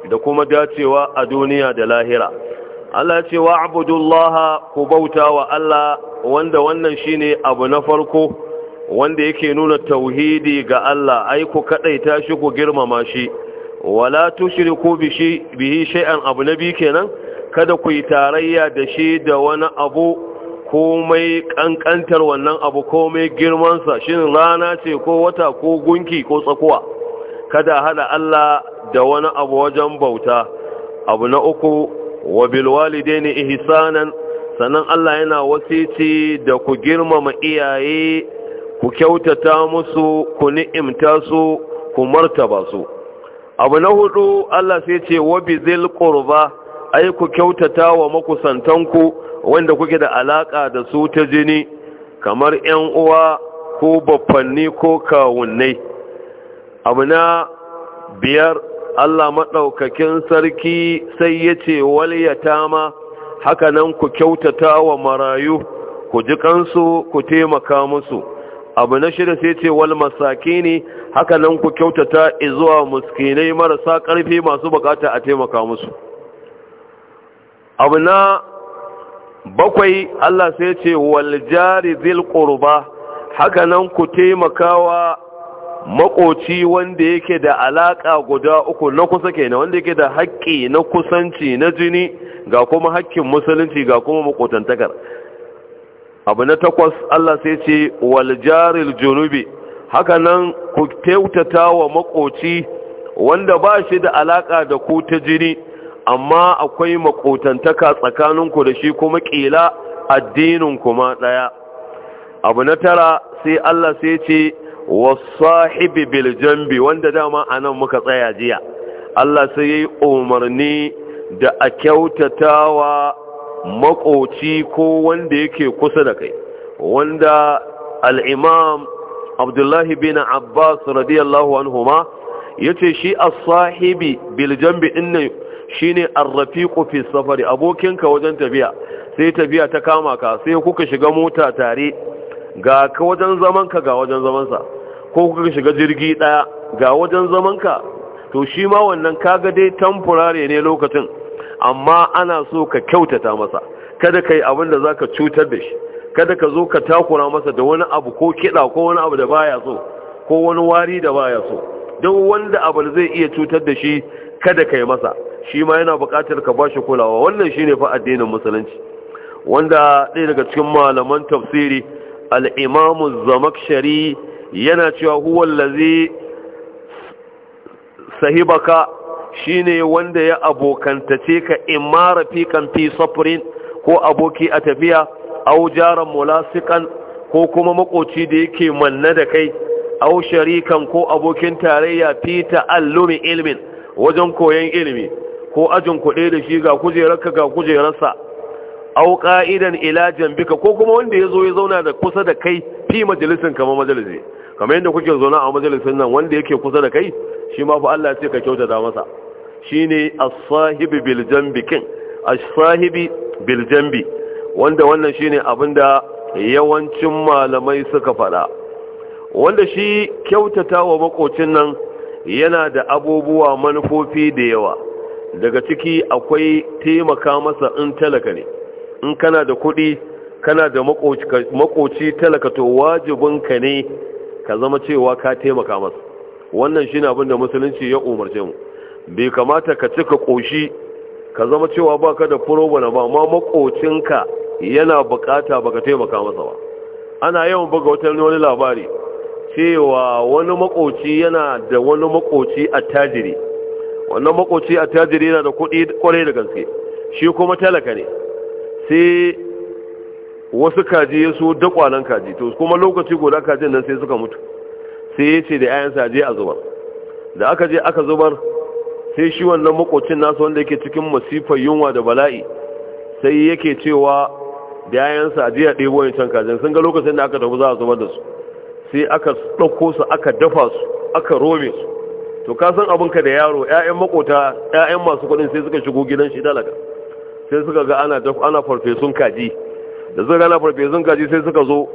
[SPEAKER 1] da kuma dacewa a duniya da lahira Allah ce wa abudullaha ku bauta wa Allah wanda wannan shine abu na farko wanda yake nuna tauhidi ga Allah ai ku kadaita shi ku girmama shi wala tushriku bihi shay'an abu nabi kenan kada ku yi tarayya da shi da wani abu komai kankantar wannan abu komai girmansa shin rana ce ko wata ko gunki ko tsakuwa kada hada Allah da wani abu wajen bauta abu na uku wa bilwalidaini ihsanan sanan Allah yana wasici da ku girmama iyaye ku kyautata musu ku ni'imta su ku martaba su abu na hudu Allah sai ce wa bizil qurba ai ku kyautata wa makusantanku wanda kuke da alaka da su ta jini kamar ƴan uwa ko baffanni ko kawunnai abu na biyar Allah maɗaukakin sarki sai ya ce waliyatama haka nan ku kyautata wa marayu ku ji kansu ku taimaka musu abu na shida sai ce wal masakini haka nan ku kyautata zuwa muskinai marasa ƙarfi masu bukata a taimaka musu abu na bakwai Allah sai ce wal jari zil qurba haka nan ku taimakawa makoci wanda yake da alaka guda uku na kusa kenan wanda yake da haƙƙi na kusanci na jini ga kuma haƙƙin musulunci ga kuma makotantakar abu na takwas Allah sai ce wal junubi haka nan ku kyautata wa makoci wanda ba shi da alaka da ku ta jini amma akwai makotantaka tsakaninku da shi kuma ƙila addinin kuma ɗaya abu na tara sai Allah sai ce wasahibi bil biljambi wanda dama anan muka tsaya jiya Allah sai yayi umarni da a kyautatawa makoci ko wanda yake kusa da kai wanda al-imam Abdullahi bin Abbas radiyallahu anhuma yace shi as-sahibi bil jambi din shine ar-rafiqu fi safari abokinka wajen tafiya sai tafiya ta kama ka sai kuka shiga mota tare ga ka wajen zamanka ga wajen zamansa ko kuka shiga jirgi daya ga wajen ka to shi ma wannan kaga dai temporary ne lokacin amma ana so ka kyautata masa kada ka yi abin da za ka cutar da shi kada ka zo ka takura masa da wani abu ko kiɗa ko wani abu da baya so ko wani wari da baya so don wanda abu zai iya cutar da shi kada ka masa shi ma yana buƙatar ka ba shi kulawa wannan shine ne fa addinin musulunci wanda ɗaya daga cikin malaman tafsiri al'imamu zamakshari yana cewa huwallazi sahibaka shine wanda ya abokantace ka imma rafiqan fi ko aboki a tafiya au jaran mulasikan ko kuma makoci da yake manna da kai au sharikan ko abokin tarayya fi ta'allumi ilmin wajen koyon ilimi ko ajin kuɗe da shi ga kujerarka ga kujerarsa au ka'idan ila jambika ko kuma wanda ya zo ya zauna da kusa da kai fi majalisin kama majalisi kamar yadda kuke zauna a majalisin nan wanda yake kusa da kai shi ma fa Allah ce ka kyautata masa shine as-sahibi bil jambi sahibi bil jambi wanda wannan shine da yawancin malamai suka fada wanda shi kyautata wa makocin nan yana da abubuwa manufofi da yawa daga ciki akwai taimaka masa in talaka ne in kana da kuɗi kana da makoci talaka to wajibinka ne ka zama cewa ka taimaka masa wannan shine abin da musulunci ya umarce mu bai kamata ka cika koshi ka zama cewa ba ka da problem ba amma makocinka yana bukata baka taimaka masa ba ana yawan buga wata wani labari cewa wani makoci yana da wani makoci tajiri. wannan makoci tajiri yana da kuɗi kwarai da gaske shi kuma talaka ne sai wasu kaji ya so dakwalan kaji to kuma lokaci guda kajin nan sai suka mutu sai ya ce da 'ya'yansa je a zubar da aka je aka zubar sai shi wannan makocin nasu wanda yake cikin masifar yunwa da bala'i sai yake cewa da 'ya'yansa a je a ɗebo can kajin sun ga lokacin da aka tafi za a zubar da su sai aka ɗauko su aka dafa su aka rome su to ka san abinka da yaro ƴaƴan makota ƴaƴan masu kuɗin sai suka shigo gidan shi talaga sai suka ga ana ana farfesun kaji da suka ga ana farfesun kaji sai suka zo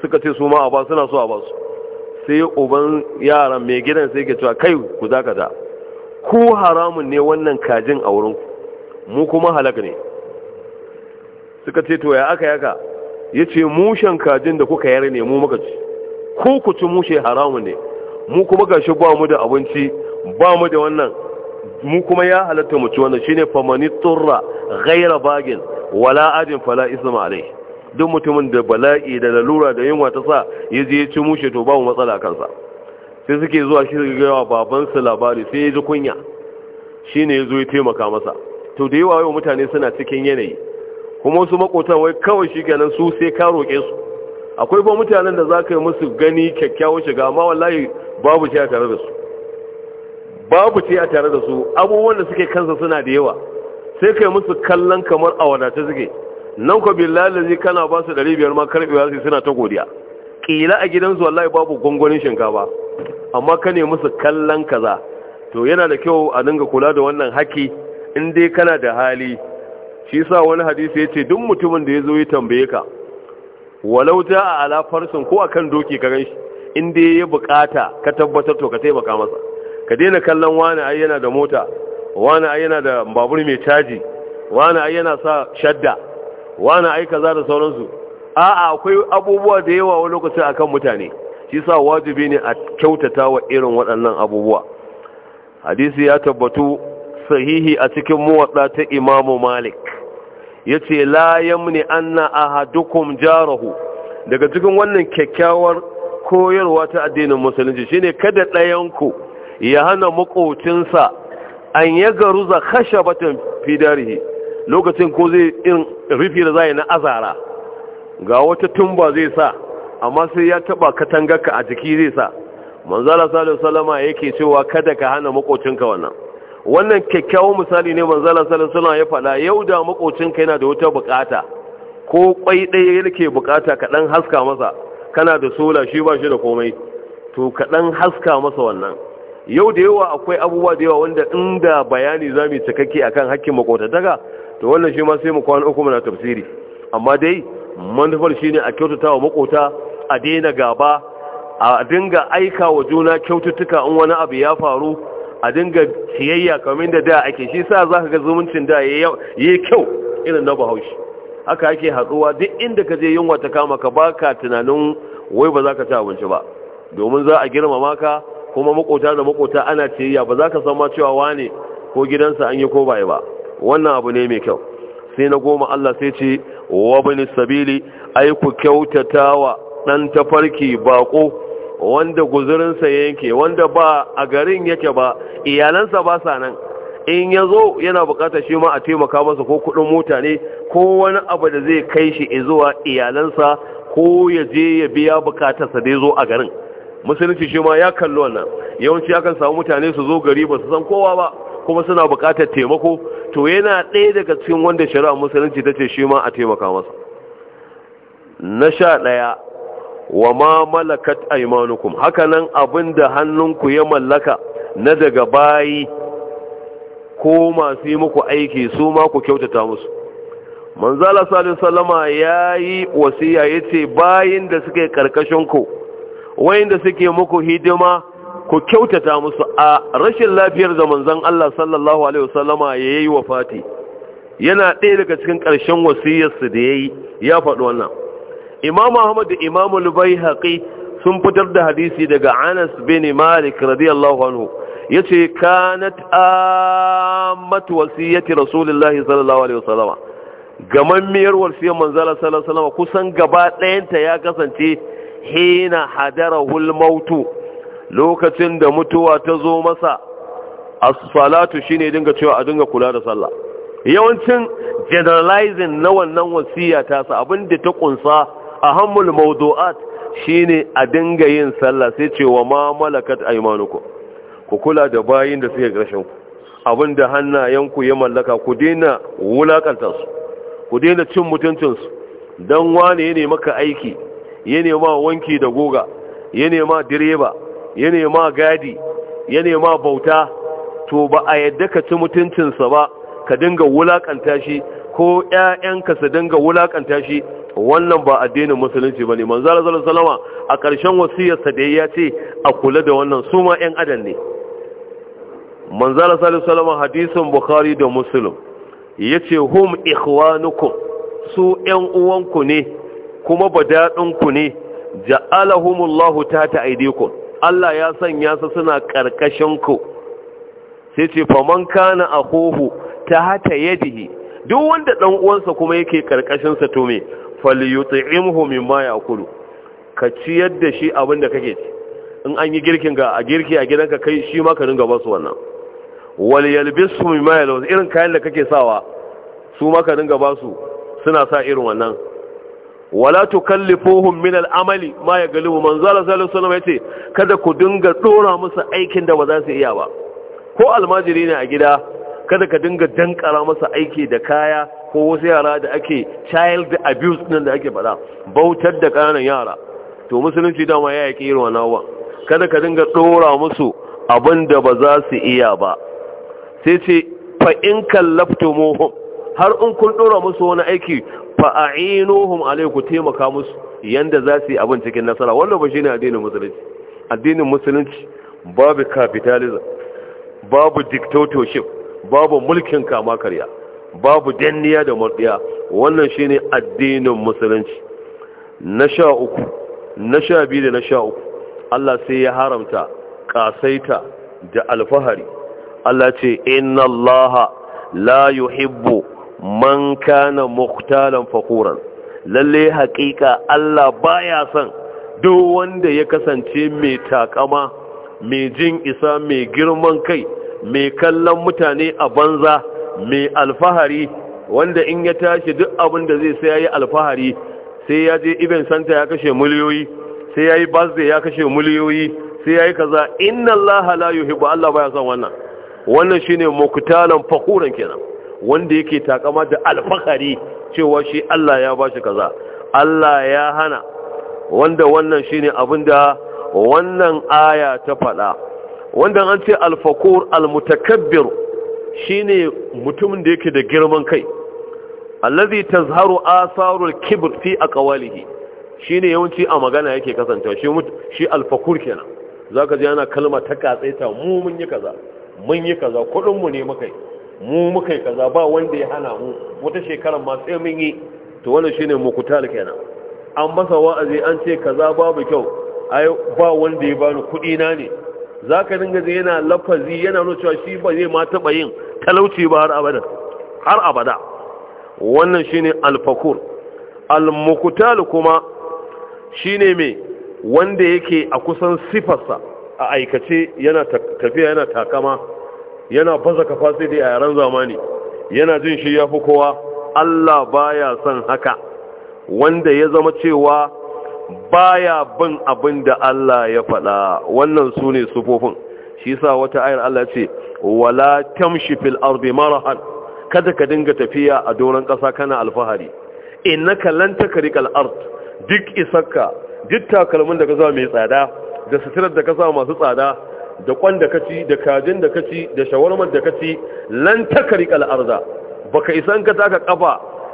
[SPEAKER 1] suka ce su ma a ba suna so a ba su sai uban yaran mai gidan sai ke cewa kai ku da ku haramun ne wannan kajin a wurin mu kuma halaka ne suka ce to ya aka yaka ya ce mushen kajin da kuka yare ne mu muka ci ko ku ci mushe haramun ne mu kuma ga shi ba mu da abinci ba mu da wannan mu kuma ya halatta mu ci wannan shine famani turra ghaira bagin wala adin fala isma alai duk mutumin da bala'i da lalura da yunwa ta sa ya ya ci mushe to babu matsala kansa sai suke zuwa shi ga baban su labari sai ya ji kunya shine ya ya taimaka masa to da yawa yau mutane suna cikin yanayi kuma wasu makotan wai kawai shi kenan su sai ka roke su akwai ba mutanen da zaka yi musu gani kyakkyawan shiga amma wallahi babu shi a tare da su babu ce a tare da su abubuwan da suke kansa suna da yawa sai kai musu kallon kamar a wadata suke nan ko billahi lazi kana ba su 500 ma karbewa su suna ta godiya kila a gidansu wallahi babu gwangwanin shinkafa amma ka ne musu kallon kaza to yana da kyau a dinga kula da wannan haki in dai kana da hali shi sa wani hadisi ya ce duk mutumin da ya zo ya tambaye ka walau ta a alafarsun ko akan doki ka gan shi in dai ya bukata ka tabbatar to ka taimaka masa ka daina kallon wani ai yana da mota wani ai yana da babur mai caji wani ai yana sa shadda wani ai kaza da sauransu a'a akwai abubuwa da yawa wani lokaci akan mutane shi sa wajibi ne a kyautata wa irin waɗannan abubuwa hadisi ya tabbatu sahihi a cikin muwatsa ta imamu malik ya ce la yamni anna ahadukum jarahu daga cikin wannan kyakkyawar koyarwa ta addinin musulunci shine kada ɗayanku ya hana makocinsa an ya za kashe fi darihi lokacin ko zai in rufi da zai na azara ga wata tumba zai sa amma sai ya taba katangarka a jiki zai sa manzala sallallahu salama yake cewa kada ka hana makocinka wannan wannan kyakkyawan misali ne manzala Salim salama ya fada yau da makocinka yana da wata bukata ko kwai ɗaya yake bukata ka dan haska masa kana da sola shi ba shi da komai to kaɗan haska masa wannan yau da yawa akwai abubuwa da yawa wanda inda bayani za mu cikakke akan hakkin makotataka to wannan shi ma sai mu kwana uku muna tafsiri amma dai manufar shine a kyautata wa makota a daina gaba a dinga aika wa juna kyaututtuka in wani abu ya faru a dinga siyayya kamar da da ake shi sa za ka ga zumuncin da ya yi kyau irin na bahaushe haka ake haɗuwa duk inda ka je yunwa ta kama ka baka tunanin wai ba za ka ci abinci ba domin za a girmama ka kuma makota da makota ana ciyayya ba za ka san ma cewa wane ko gidansa an yi ko bai ba wannan abu ne mai kyau sai na goma Allah sai ce wa bani sabili ai ku kyautatawa dan tafarki bako wanda ya yake wanda ba a garin yake ba iyalansa ba sa nan in yazo yana bukatar shi ma a taimaka masa ko kudin mota ne ko wani abu da zai kai shi zuwa iyalansa ko ya je ya biya bukatarsa da ya a garin musulunci shi ma ya kalli wannan yawanci akan samu mutane su zo gari ba su san kowa ba kuma suna buƙatar taimako to yana ɗaya daga cikin wanda shari'a musulunci ta ce shi ma a taimaka masa na sha ɗaya wa ma malakat aimanukum hakanan abin da hannunku ya mallaka na daga bayi ko masu yi muku aiki su ma ku kyautata musu manzala salim salama ya yi wasiya ya ce bayin da suke karkashin ku wayanda suke muku hidima ku kyautata musu a rashin lafiyar da manzon Allah sallallahu alaihi wasallama yayi wafati yana ɗaya daga cikin ƙarshen su da yayi ya faɗi wannan Imam Ahmad da Imam Al-Baihaqi sun fitar da hadisi daga Anas bin Malik radiyallahu anhu yace kanat ammat wasiyati Rasulullahi sallallahu alaihi wasallama gamammiyar wasiyar manzala sallallahu alaihi wasallama kusan gaba ɗayanta ya kasance hina hadarahul mautu lokacin da mutuwa ta zo masa as-salatu shine dinga cewa a dinga kula da sallah yawancin generalizing na wannan wasiya ta sa abinda ta kunsa ahammul mawdu'at shine a dinga yin sallah sai ce wa ma malakat aymanukum ku kula da bayin da suke ƙarshen ku abinda hannayenku ya mallaka ku daina wulakanta su ku daina cin mutuncin su dan wane ne maka aiki ya nema wanki da goga ya nema direba ya nema gadi ya nema bauta to ba a yadda ka ci mutuncinsa ba ka dinga wulakanta shi ko ƴaƴanka su dinga wulakanta shi wannan ba addinin musulunci bane manzo Allah sallallahu a ƙarshen wasiyarsa da ya ce a kula da wannan su ma ƴan adam ne manzo Allah sallallahu hadisin bukhari da muslim yace hum ikhwanukum su yan uwanku ne kuma badadinku ne ja'alahumullahu tata aidikum Allah ya sanya su suna karkashin ku sai ce faman kana akhuhu tahta yadihi duk wanda dan uwansa kuma yake karkashin sa to me falyut'imhu mimma ya'kulu ka ciyar da shi abin da kake ci in an yi girkin ga a girki a gidanka kai shi ma ka ringa ba su wannan wal yalbisu mimma yalbis irin kayan da kake sawa su ma ka ringa ba su suna sa irin wannan wala tukallifuhum min al'amali ma ya galibu manzo Allah sallallahu alaihi yace kada ku dinga dora musu aikin da ba za su iya ba ko almajiri ne a gida kada ka dinga dankara masa aiki da kaya ko wasu yara da ake child abuse nan da ake faɗa bautar da ƙananan yara to musulunci dama ya yaƙi irin wannan kada ka dinga dora musu abin da ba za su iya ba sai ce fa in kallaftumuhum har in kun dora musu wani aiki Fa'ainuhun alaiku taimaka musu yadda za su yi abin cikin nasara wannan ba ne addinin musulunci addinin musulunci babu capitalism babu dictatorship babu mulkin kama karya babu danniya da murdiya wannan shi ne addinin musulunci na sha uku na sha biyu da na sha uku Allah sai ya haramta kasaita da alfahari Allah ce inna Allah la yuhibbu man kana muktalan fakuran lalle haƙiƙa Allah baya son duk wanda ya kasance mai takama mai jin isa mai girman kai mai kallon mutane a banza mai alfahari wanda in ya tashi duk abin da zai sai yayi alfahari sai ya je ibin santa ya kashe miliyoyi sai ya yi birthday ya kashe miliyoyi sai ya yi kaza inna allaha la yuhibbu allah baya son wannan wannan shine muktalan fakuran kenan wanda yake takama da alfahari cewa shi Allah ya bashi kaza Allah ya hana wanda wannan shine abinda wannan aya ta faɗa wanda an ce alfakur almutakabbir shine mutumin da yake da girman kai allazi tazharu asarul kibr fi aqwalihi shine yawanci a magana yake kasancewa shi shi alfakur kenan zaka ji ana kalma ta katsaita mu mun yi kaza mun yi kaza kudin mu ne makai? mu muka yi kaza ba wanda ya hana mu wata shekarar ma sai mun yi to wannan shine mukutal kenan an masa wa'azi an ce kaza babu kyau ai ba wanda ya bani kuɗi na ne zaka dinga zai yana lafazi yana nuna cewa shi ba zai ma taɓa yin talauci ba har abada har abada wannan shine alfakur almukutal kuma shine me wanda yake a kusan sifarsa a aikace yana tafiya yana takama yana fasa capacity a yaren zamani yana jin shi ya fi kowa Allah baya son haka wanda ya zama cewa baya bin abin da Allah ya faɗa wannan su ne sufofin shi sa wata ayar Allah ce wala tamshi fil ardi marahan kada ka dinga tafiya a doron ƙasa kana alfahari innaka lan takrikal ard duk isakka duk takalmin da ka zama mai tsada da suturar da ka zama masu tsada da kwan da kaci da kajin da kaci da shawarmar da kaci lan takarika al'arza baka isan ka taka kafa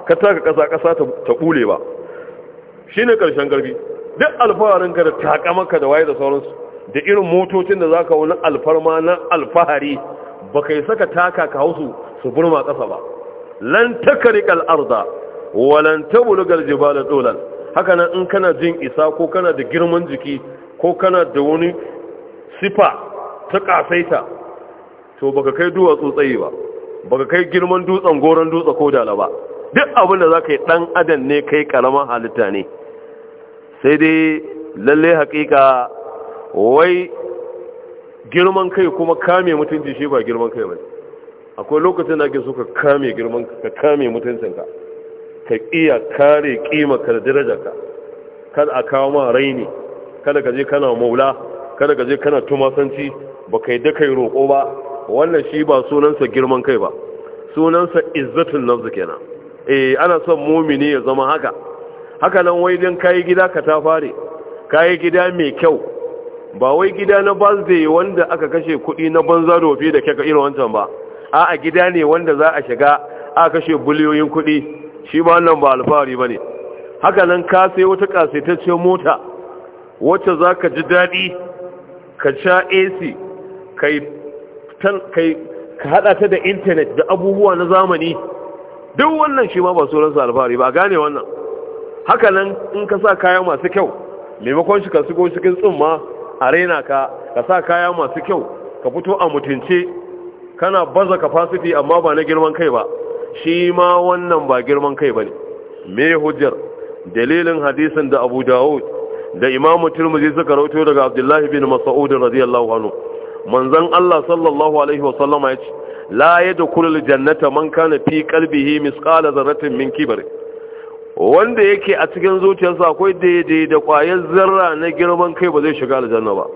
[SPEAKER 1] ka taka kasa kasa ta bule ba shine karshen garbi duk alfaharin ka da taka maka da waye da sauransu da irin motocin da zaka wani alfarma na alfahari baka isa ka taka ka hausu su burma kasa ba lan arda, al'arza walan tabluga jibal dolan haka nan in kana jin isa ko kana da girman jiki ko kana da wani sifa ta kasaita to baka kai duwatsu tsaye ba baka kai girman dutsen goron dutse ko dala ba duk abin da zaka yi dan adan ne kai karaman halitta ne sai dai lalle hakika wai girman kai kuma kame mutunci shi ba girman kai ba akwai lokacin da ake so ka kame girman ka kame mutuncinka ka iya kare kima ka da darajarka kada a kawo ma raini kada ka je kana maula kada ka je kana tumasanci ba kai da kai roƙo ba wannan shi ba sunansa girman kai ba sunansa izzatul nafs kenan eh ana son mumini ya zama haka haka nan wai din kai gida ka ta fare kai gida mai kyau ba wai gida na birthday wanda aka kashe kuɗi na banza dofi da keka irin wancan ba a'a gida ne wanda za a shiga a kashe biliyoyin kuɗi shi ba nan ba alfahari bane haka nan ka sai wata kasaitaccen mota wacce za ka ji daɗi ka sha ac kai ka hada ta da intanet da abubuwa na zamani duk wannan shi ma ba sunan alfahari ba gane wannan haka nan in ka sa kaya masu kyau maimakon shi ka sigo cikin tsumma a raina ka ka sa kaya masu kyau ka fito a mutunce kana baza capacity amma ba na girman kai ba shi ma wannan ba girman kai ba ne me hujjar dalilin hadisin da abu dawud da imamu tirmidhi suka rauto daga abdullahi bin mas'ud radiyallahu anhu manzon Allah sallallahu alaihi wasallama ce la kulul jannata man kana fi qalbihi misqala zarratin min kibr wanda yake a cikin zuciyarsa akwai daidai da kwayar zarra na girman kai ba zai shiga aljanna ba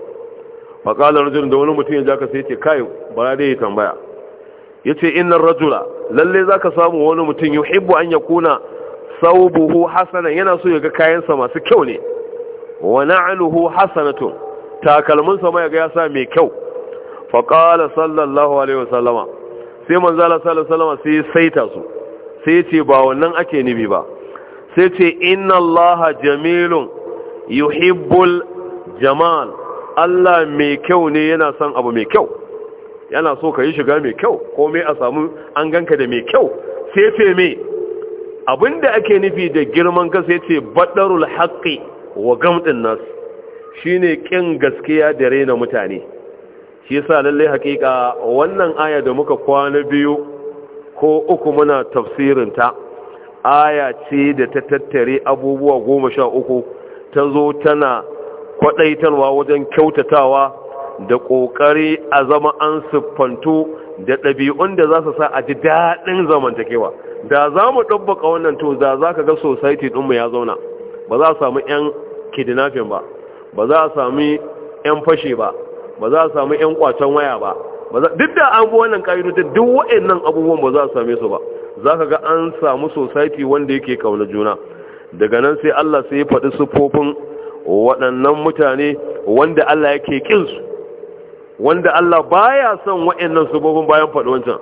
[SPEAKER 1] faqala rajul da wani mutum ya jaka sai yace kai bara dai tambaya yace innar rajula lalle zaka samu wani mutum yuhibbu an yakuna saubuhu hasana yana so ya ga kayansa masu kyau ne wa na'luhu hasanatun takalmun sa mai ga ya sa mai kyau fa qala sallallahu alaihi wasallama sai manzo Allah sallallahu alaihi wasallama sai saita su sai ce ba wannan ake nibi ba sai ce inna allaha jamilun yuhibbul jamal Allah mai kyau ne yana son abu mai kyau yana so ka yi shiga mai kyau mai a samu an ganka da mai kyau sai ce mai abinda ake nufi da girman ka sai ce badarul haqqi wa gamdin nas shine kin gaskiya da raina mutane shi yasa lalle hakika wannan aya da muka kwana biyu ko uku muna tafsirin ta aya ce da ta tattare abubuwa goma sha uku ta zo tana kwadaitarwa wajen kyautatawa da ƙoƙari a zama an siffantu da ɗabi'un da za su sa a ji daɗin zamantakewa da za mu ɗabbaka wannan to da za ka ga society ɗinmu ya zauna ba za a samu 'yan kidnapping ba ba za a sami 'yan fashe ba ba za a sami 'yan kwacen waya ba duk da an bi wannan ƙa'idodin duk waɗannan abubuwan ba za a same su ba za ka ga an samu society wanda yake kauna juna daga nan sai Allah sai ya faɗi sufofin waɗannan mutane wanda Allah yake su. wanda Allah baya son waɗannan sufofin bayan faɗi wancan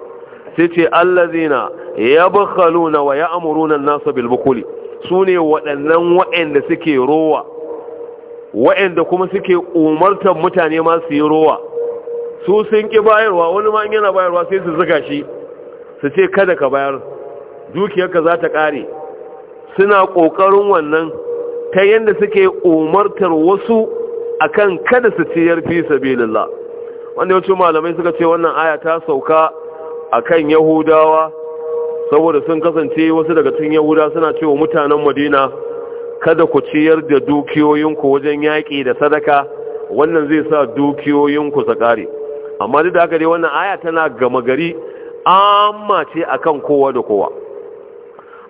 [SPEAKER 1] sai ce allazina yabkhaluna wa ya'muruna an-nasa bil bukuli sune waɗannan waɗanda suke rowa wa'anda kuma suke umartar mutane ma su yi rowa su sun ƙi bayarwa wani ma yana bayarwa sai su zuga shi su ce kada ka bayar dukiyarka za ta ƙare suna ƙoƙarin wannan ta yadda suke umartar wasu akan kada su ciyar 'Yarfi sabilillah wanda yawancin malamai suka ce wannan aya ta sauka akan yahudawa saboda sun kasance wasu daga cikin yahuda suna cewa mutanen madina kada ku ciyar da dukiyoyinku wajen yaƙi da sadaka wannan zai sa dukiyoyinku su kare. amma duk da haka dai wannan aya tana gama gari amma ce akan kowa da kowa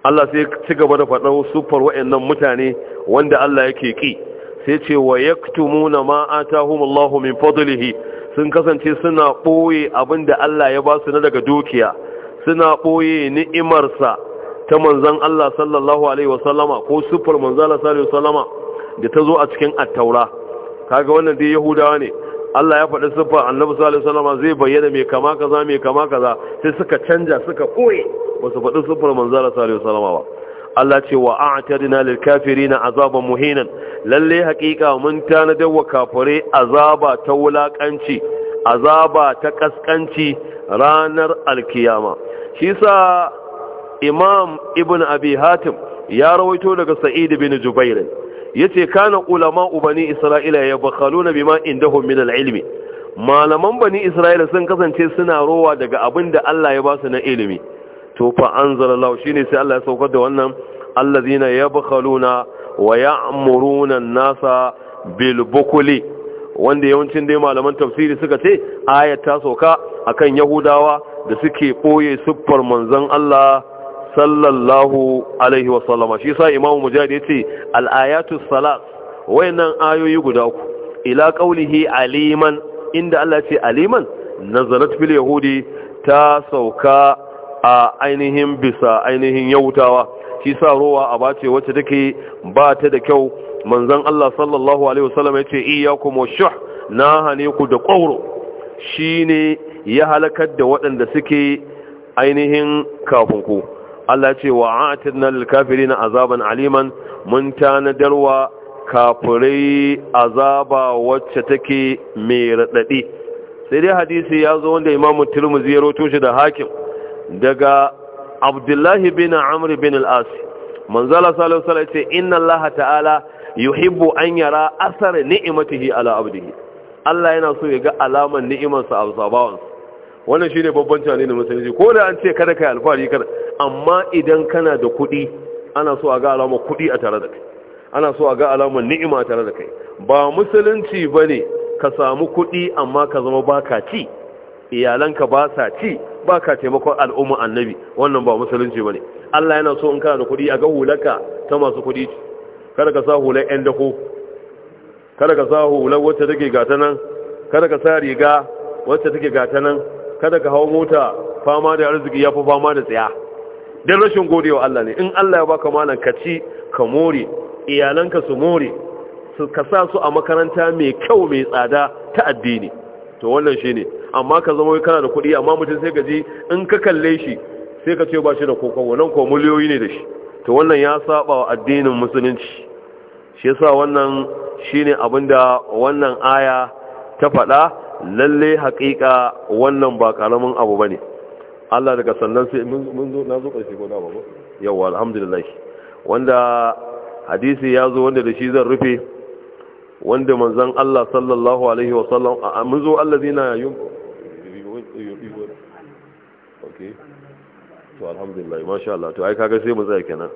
[SPEAKER 1] Allah sai ci gaba da faɗar sufar wa'annan mutane wanda Allah yake ƙi, sai ce wa yaktumuna ma Allah min fadlihi sun kasance suna ɓoye abinda Allah ya ba su na daga dukiya suna ɓoye ni'imarsa ta manzan Allah sallallahu alaihi wasallama ko siffar manzan Allah sallallahu alaihi wasallama da ta zo a cikin attaura kaga wannan dai yahudawa ne Allah ya faɗi siffar annabi sallallahu alaihi wasallama zai bayyana mai kama kaza mai kama kaza sai suka canja suka koye ba su faɗi siffar manzan Allah sallallahu alaihi wasallama ba Allah ce wa a'tadna lil kafirina azaban muhinan lalle haƙiƙa mun tanadar wa kafire azaba ta wulakanci azaba ta kaskanci ranar alkiyama shi sa imam ibn abi hatim ya rawaito daga sa'id bin jubair yace kana ulama bani isra'ila ya bakhaluna bima indahum min al-ilmi malaman bani isra'ila sun kasance suna rowa daga abin da Allah ya ba su na ilimi to fa anzalallahu shine sai Allah ya saukar da wannan allazina yabkhaluna wa ya'muruna an-nasa bil bukli wanda yawancin dai malaman tafsiri suka ce ayat ta sauka akan yahudawa da suke boye siffar manzon Allah sallallahu alaihi wasallama shi sa imamu mujahid ya ce al'ayatu salat wayannan ayoyi guda ku ila qaulihi aliman inda Allah ce aliman nazalat fil yahudi ta sauka a ainihin bisa ainihin yautawa shi sa ruwa a bace wacce take ba ta da kyau manzon Allah sallallahu alaihi wasallam ya ce iyyakum washuh na hane ku da qawru shine ya halakar da waɗanda suke ainihin kafinku Allah ce wa atina lil kafirina azaban aliman mun tanadarwa kafirai azaba wacce take mai radadi sai dai hadisi ya zo wanda Imam Tirmidhi ya roto da Hakim daga Abdullah bin Amr bin al-As manzala sallallahu alaihi ce inna Allah ta'ala yuhibbu an yara asar ni'matihi ala abdihi Allah yana so ya ga alaman ni'imarsa a sabawansa wannan shine babban canini da musulunci ko da an ce kada ka yi alfahari kada amma idan kana da kuɗi ana so a ga alamar kuɗi a tare da kai ana so a ga alamar ni'ima tare da kai ba musulunci ba ne ka samu kuɗi amma ka zama ba ka ci iyalanka ba sa ci ba ka taimakon al'umma annabi wannan ba musulunci ba ne allah yana so in kana da kuɗi a ga hulaka ta masu kuɗi kada ka sa hular 'yan dako kada ka sa hular wacce take gata nan kada ka sa riga wacce take gata nan kada ka hau mota fama da arziki ya fi fama da tsaya don rashin godewa Allah ne in Allah ya baka malam ka ci ka more iyalanka su more su ka sa su a makaranta mai kyau mai tsada ta addini to wannan shine amma ka zama kana da kuɗi amma mutum sai ka ji in ka kalle shi sai ka ce ba shi da kokon wannan ko miliyoyi ne da shi to wannan ya saba wa addinin musulunci shi yasa wannan shine abinda wannan aya ta faɗa lalle haƙiƙa wannan ba ƙaramin abu ba ne, Allah daga sannan sai mun zo na zo ƙarfi ko na ba yawwa alhamdulillah wanda hadisi ya zo wanda da shi zan rufe wanda manzan Allah sallallahu alaihi wa sallam mun zo Allah allazina yum ok to alhamdulillah masha Allah to ai kaga sai mu tsaya kenan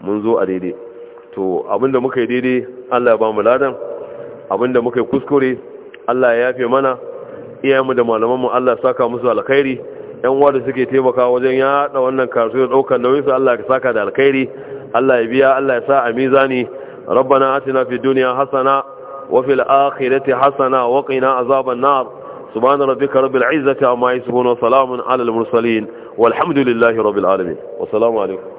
[SPEAKER 1] mun zo a daidai to abinda muka yi daidai Allah ya ba mu ladan abinda muka yi kuskure Allah ya yafe mana iyayenmu da malamanmu Allah ya saka musu alkhairi yan uwa da suke taimaka wajen yaɗa wannan kasuwa da ɗaukar nauyinsu Allah ya saka da alkhairi Allah ya biya Allah ya sa a mizani ربنا آتنا في الدنيا حسنة وفي الآخرة حسنة وقنا عذاب النار سبحان ربك رب العزة عما يصفون وسلام على المرسلين والحمد لله رب العالمين والسلام عليكم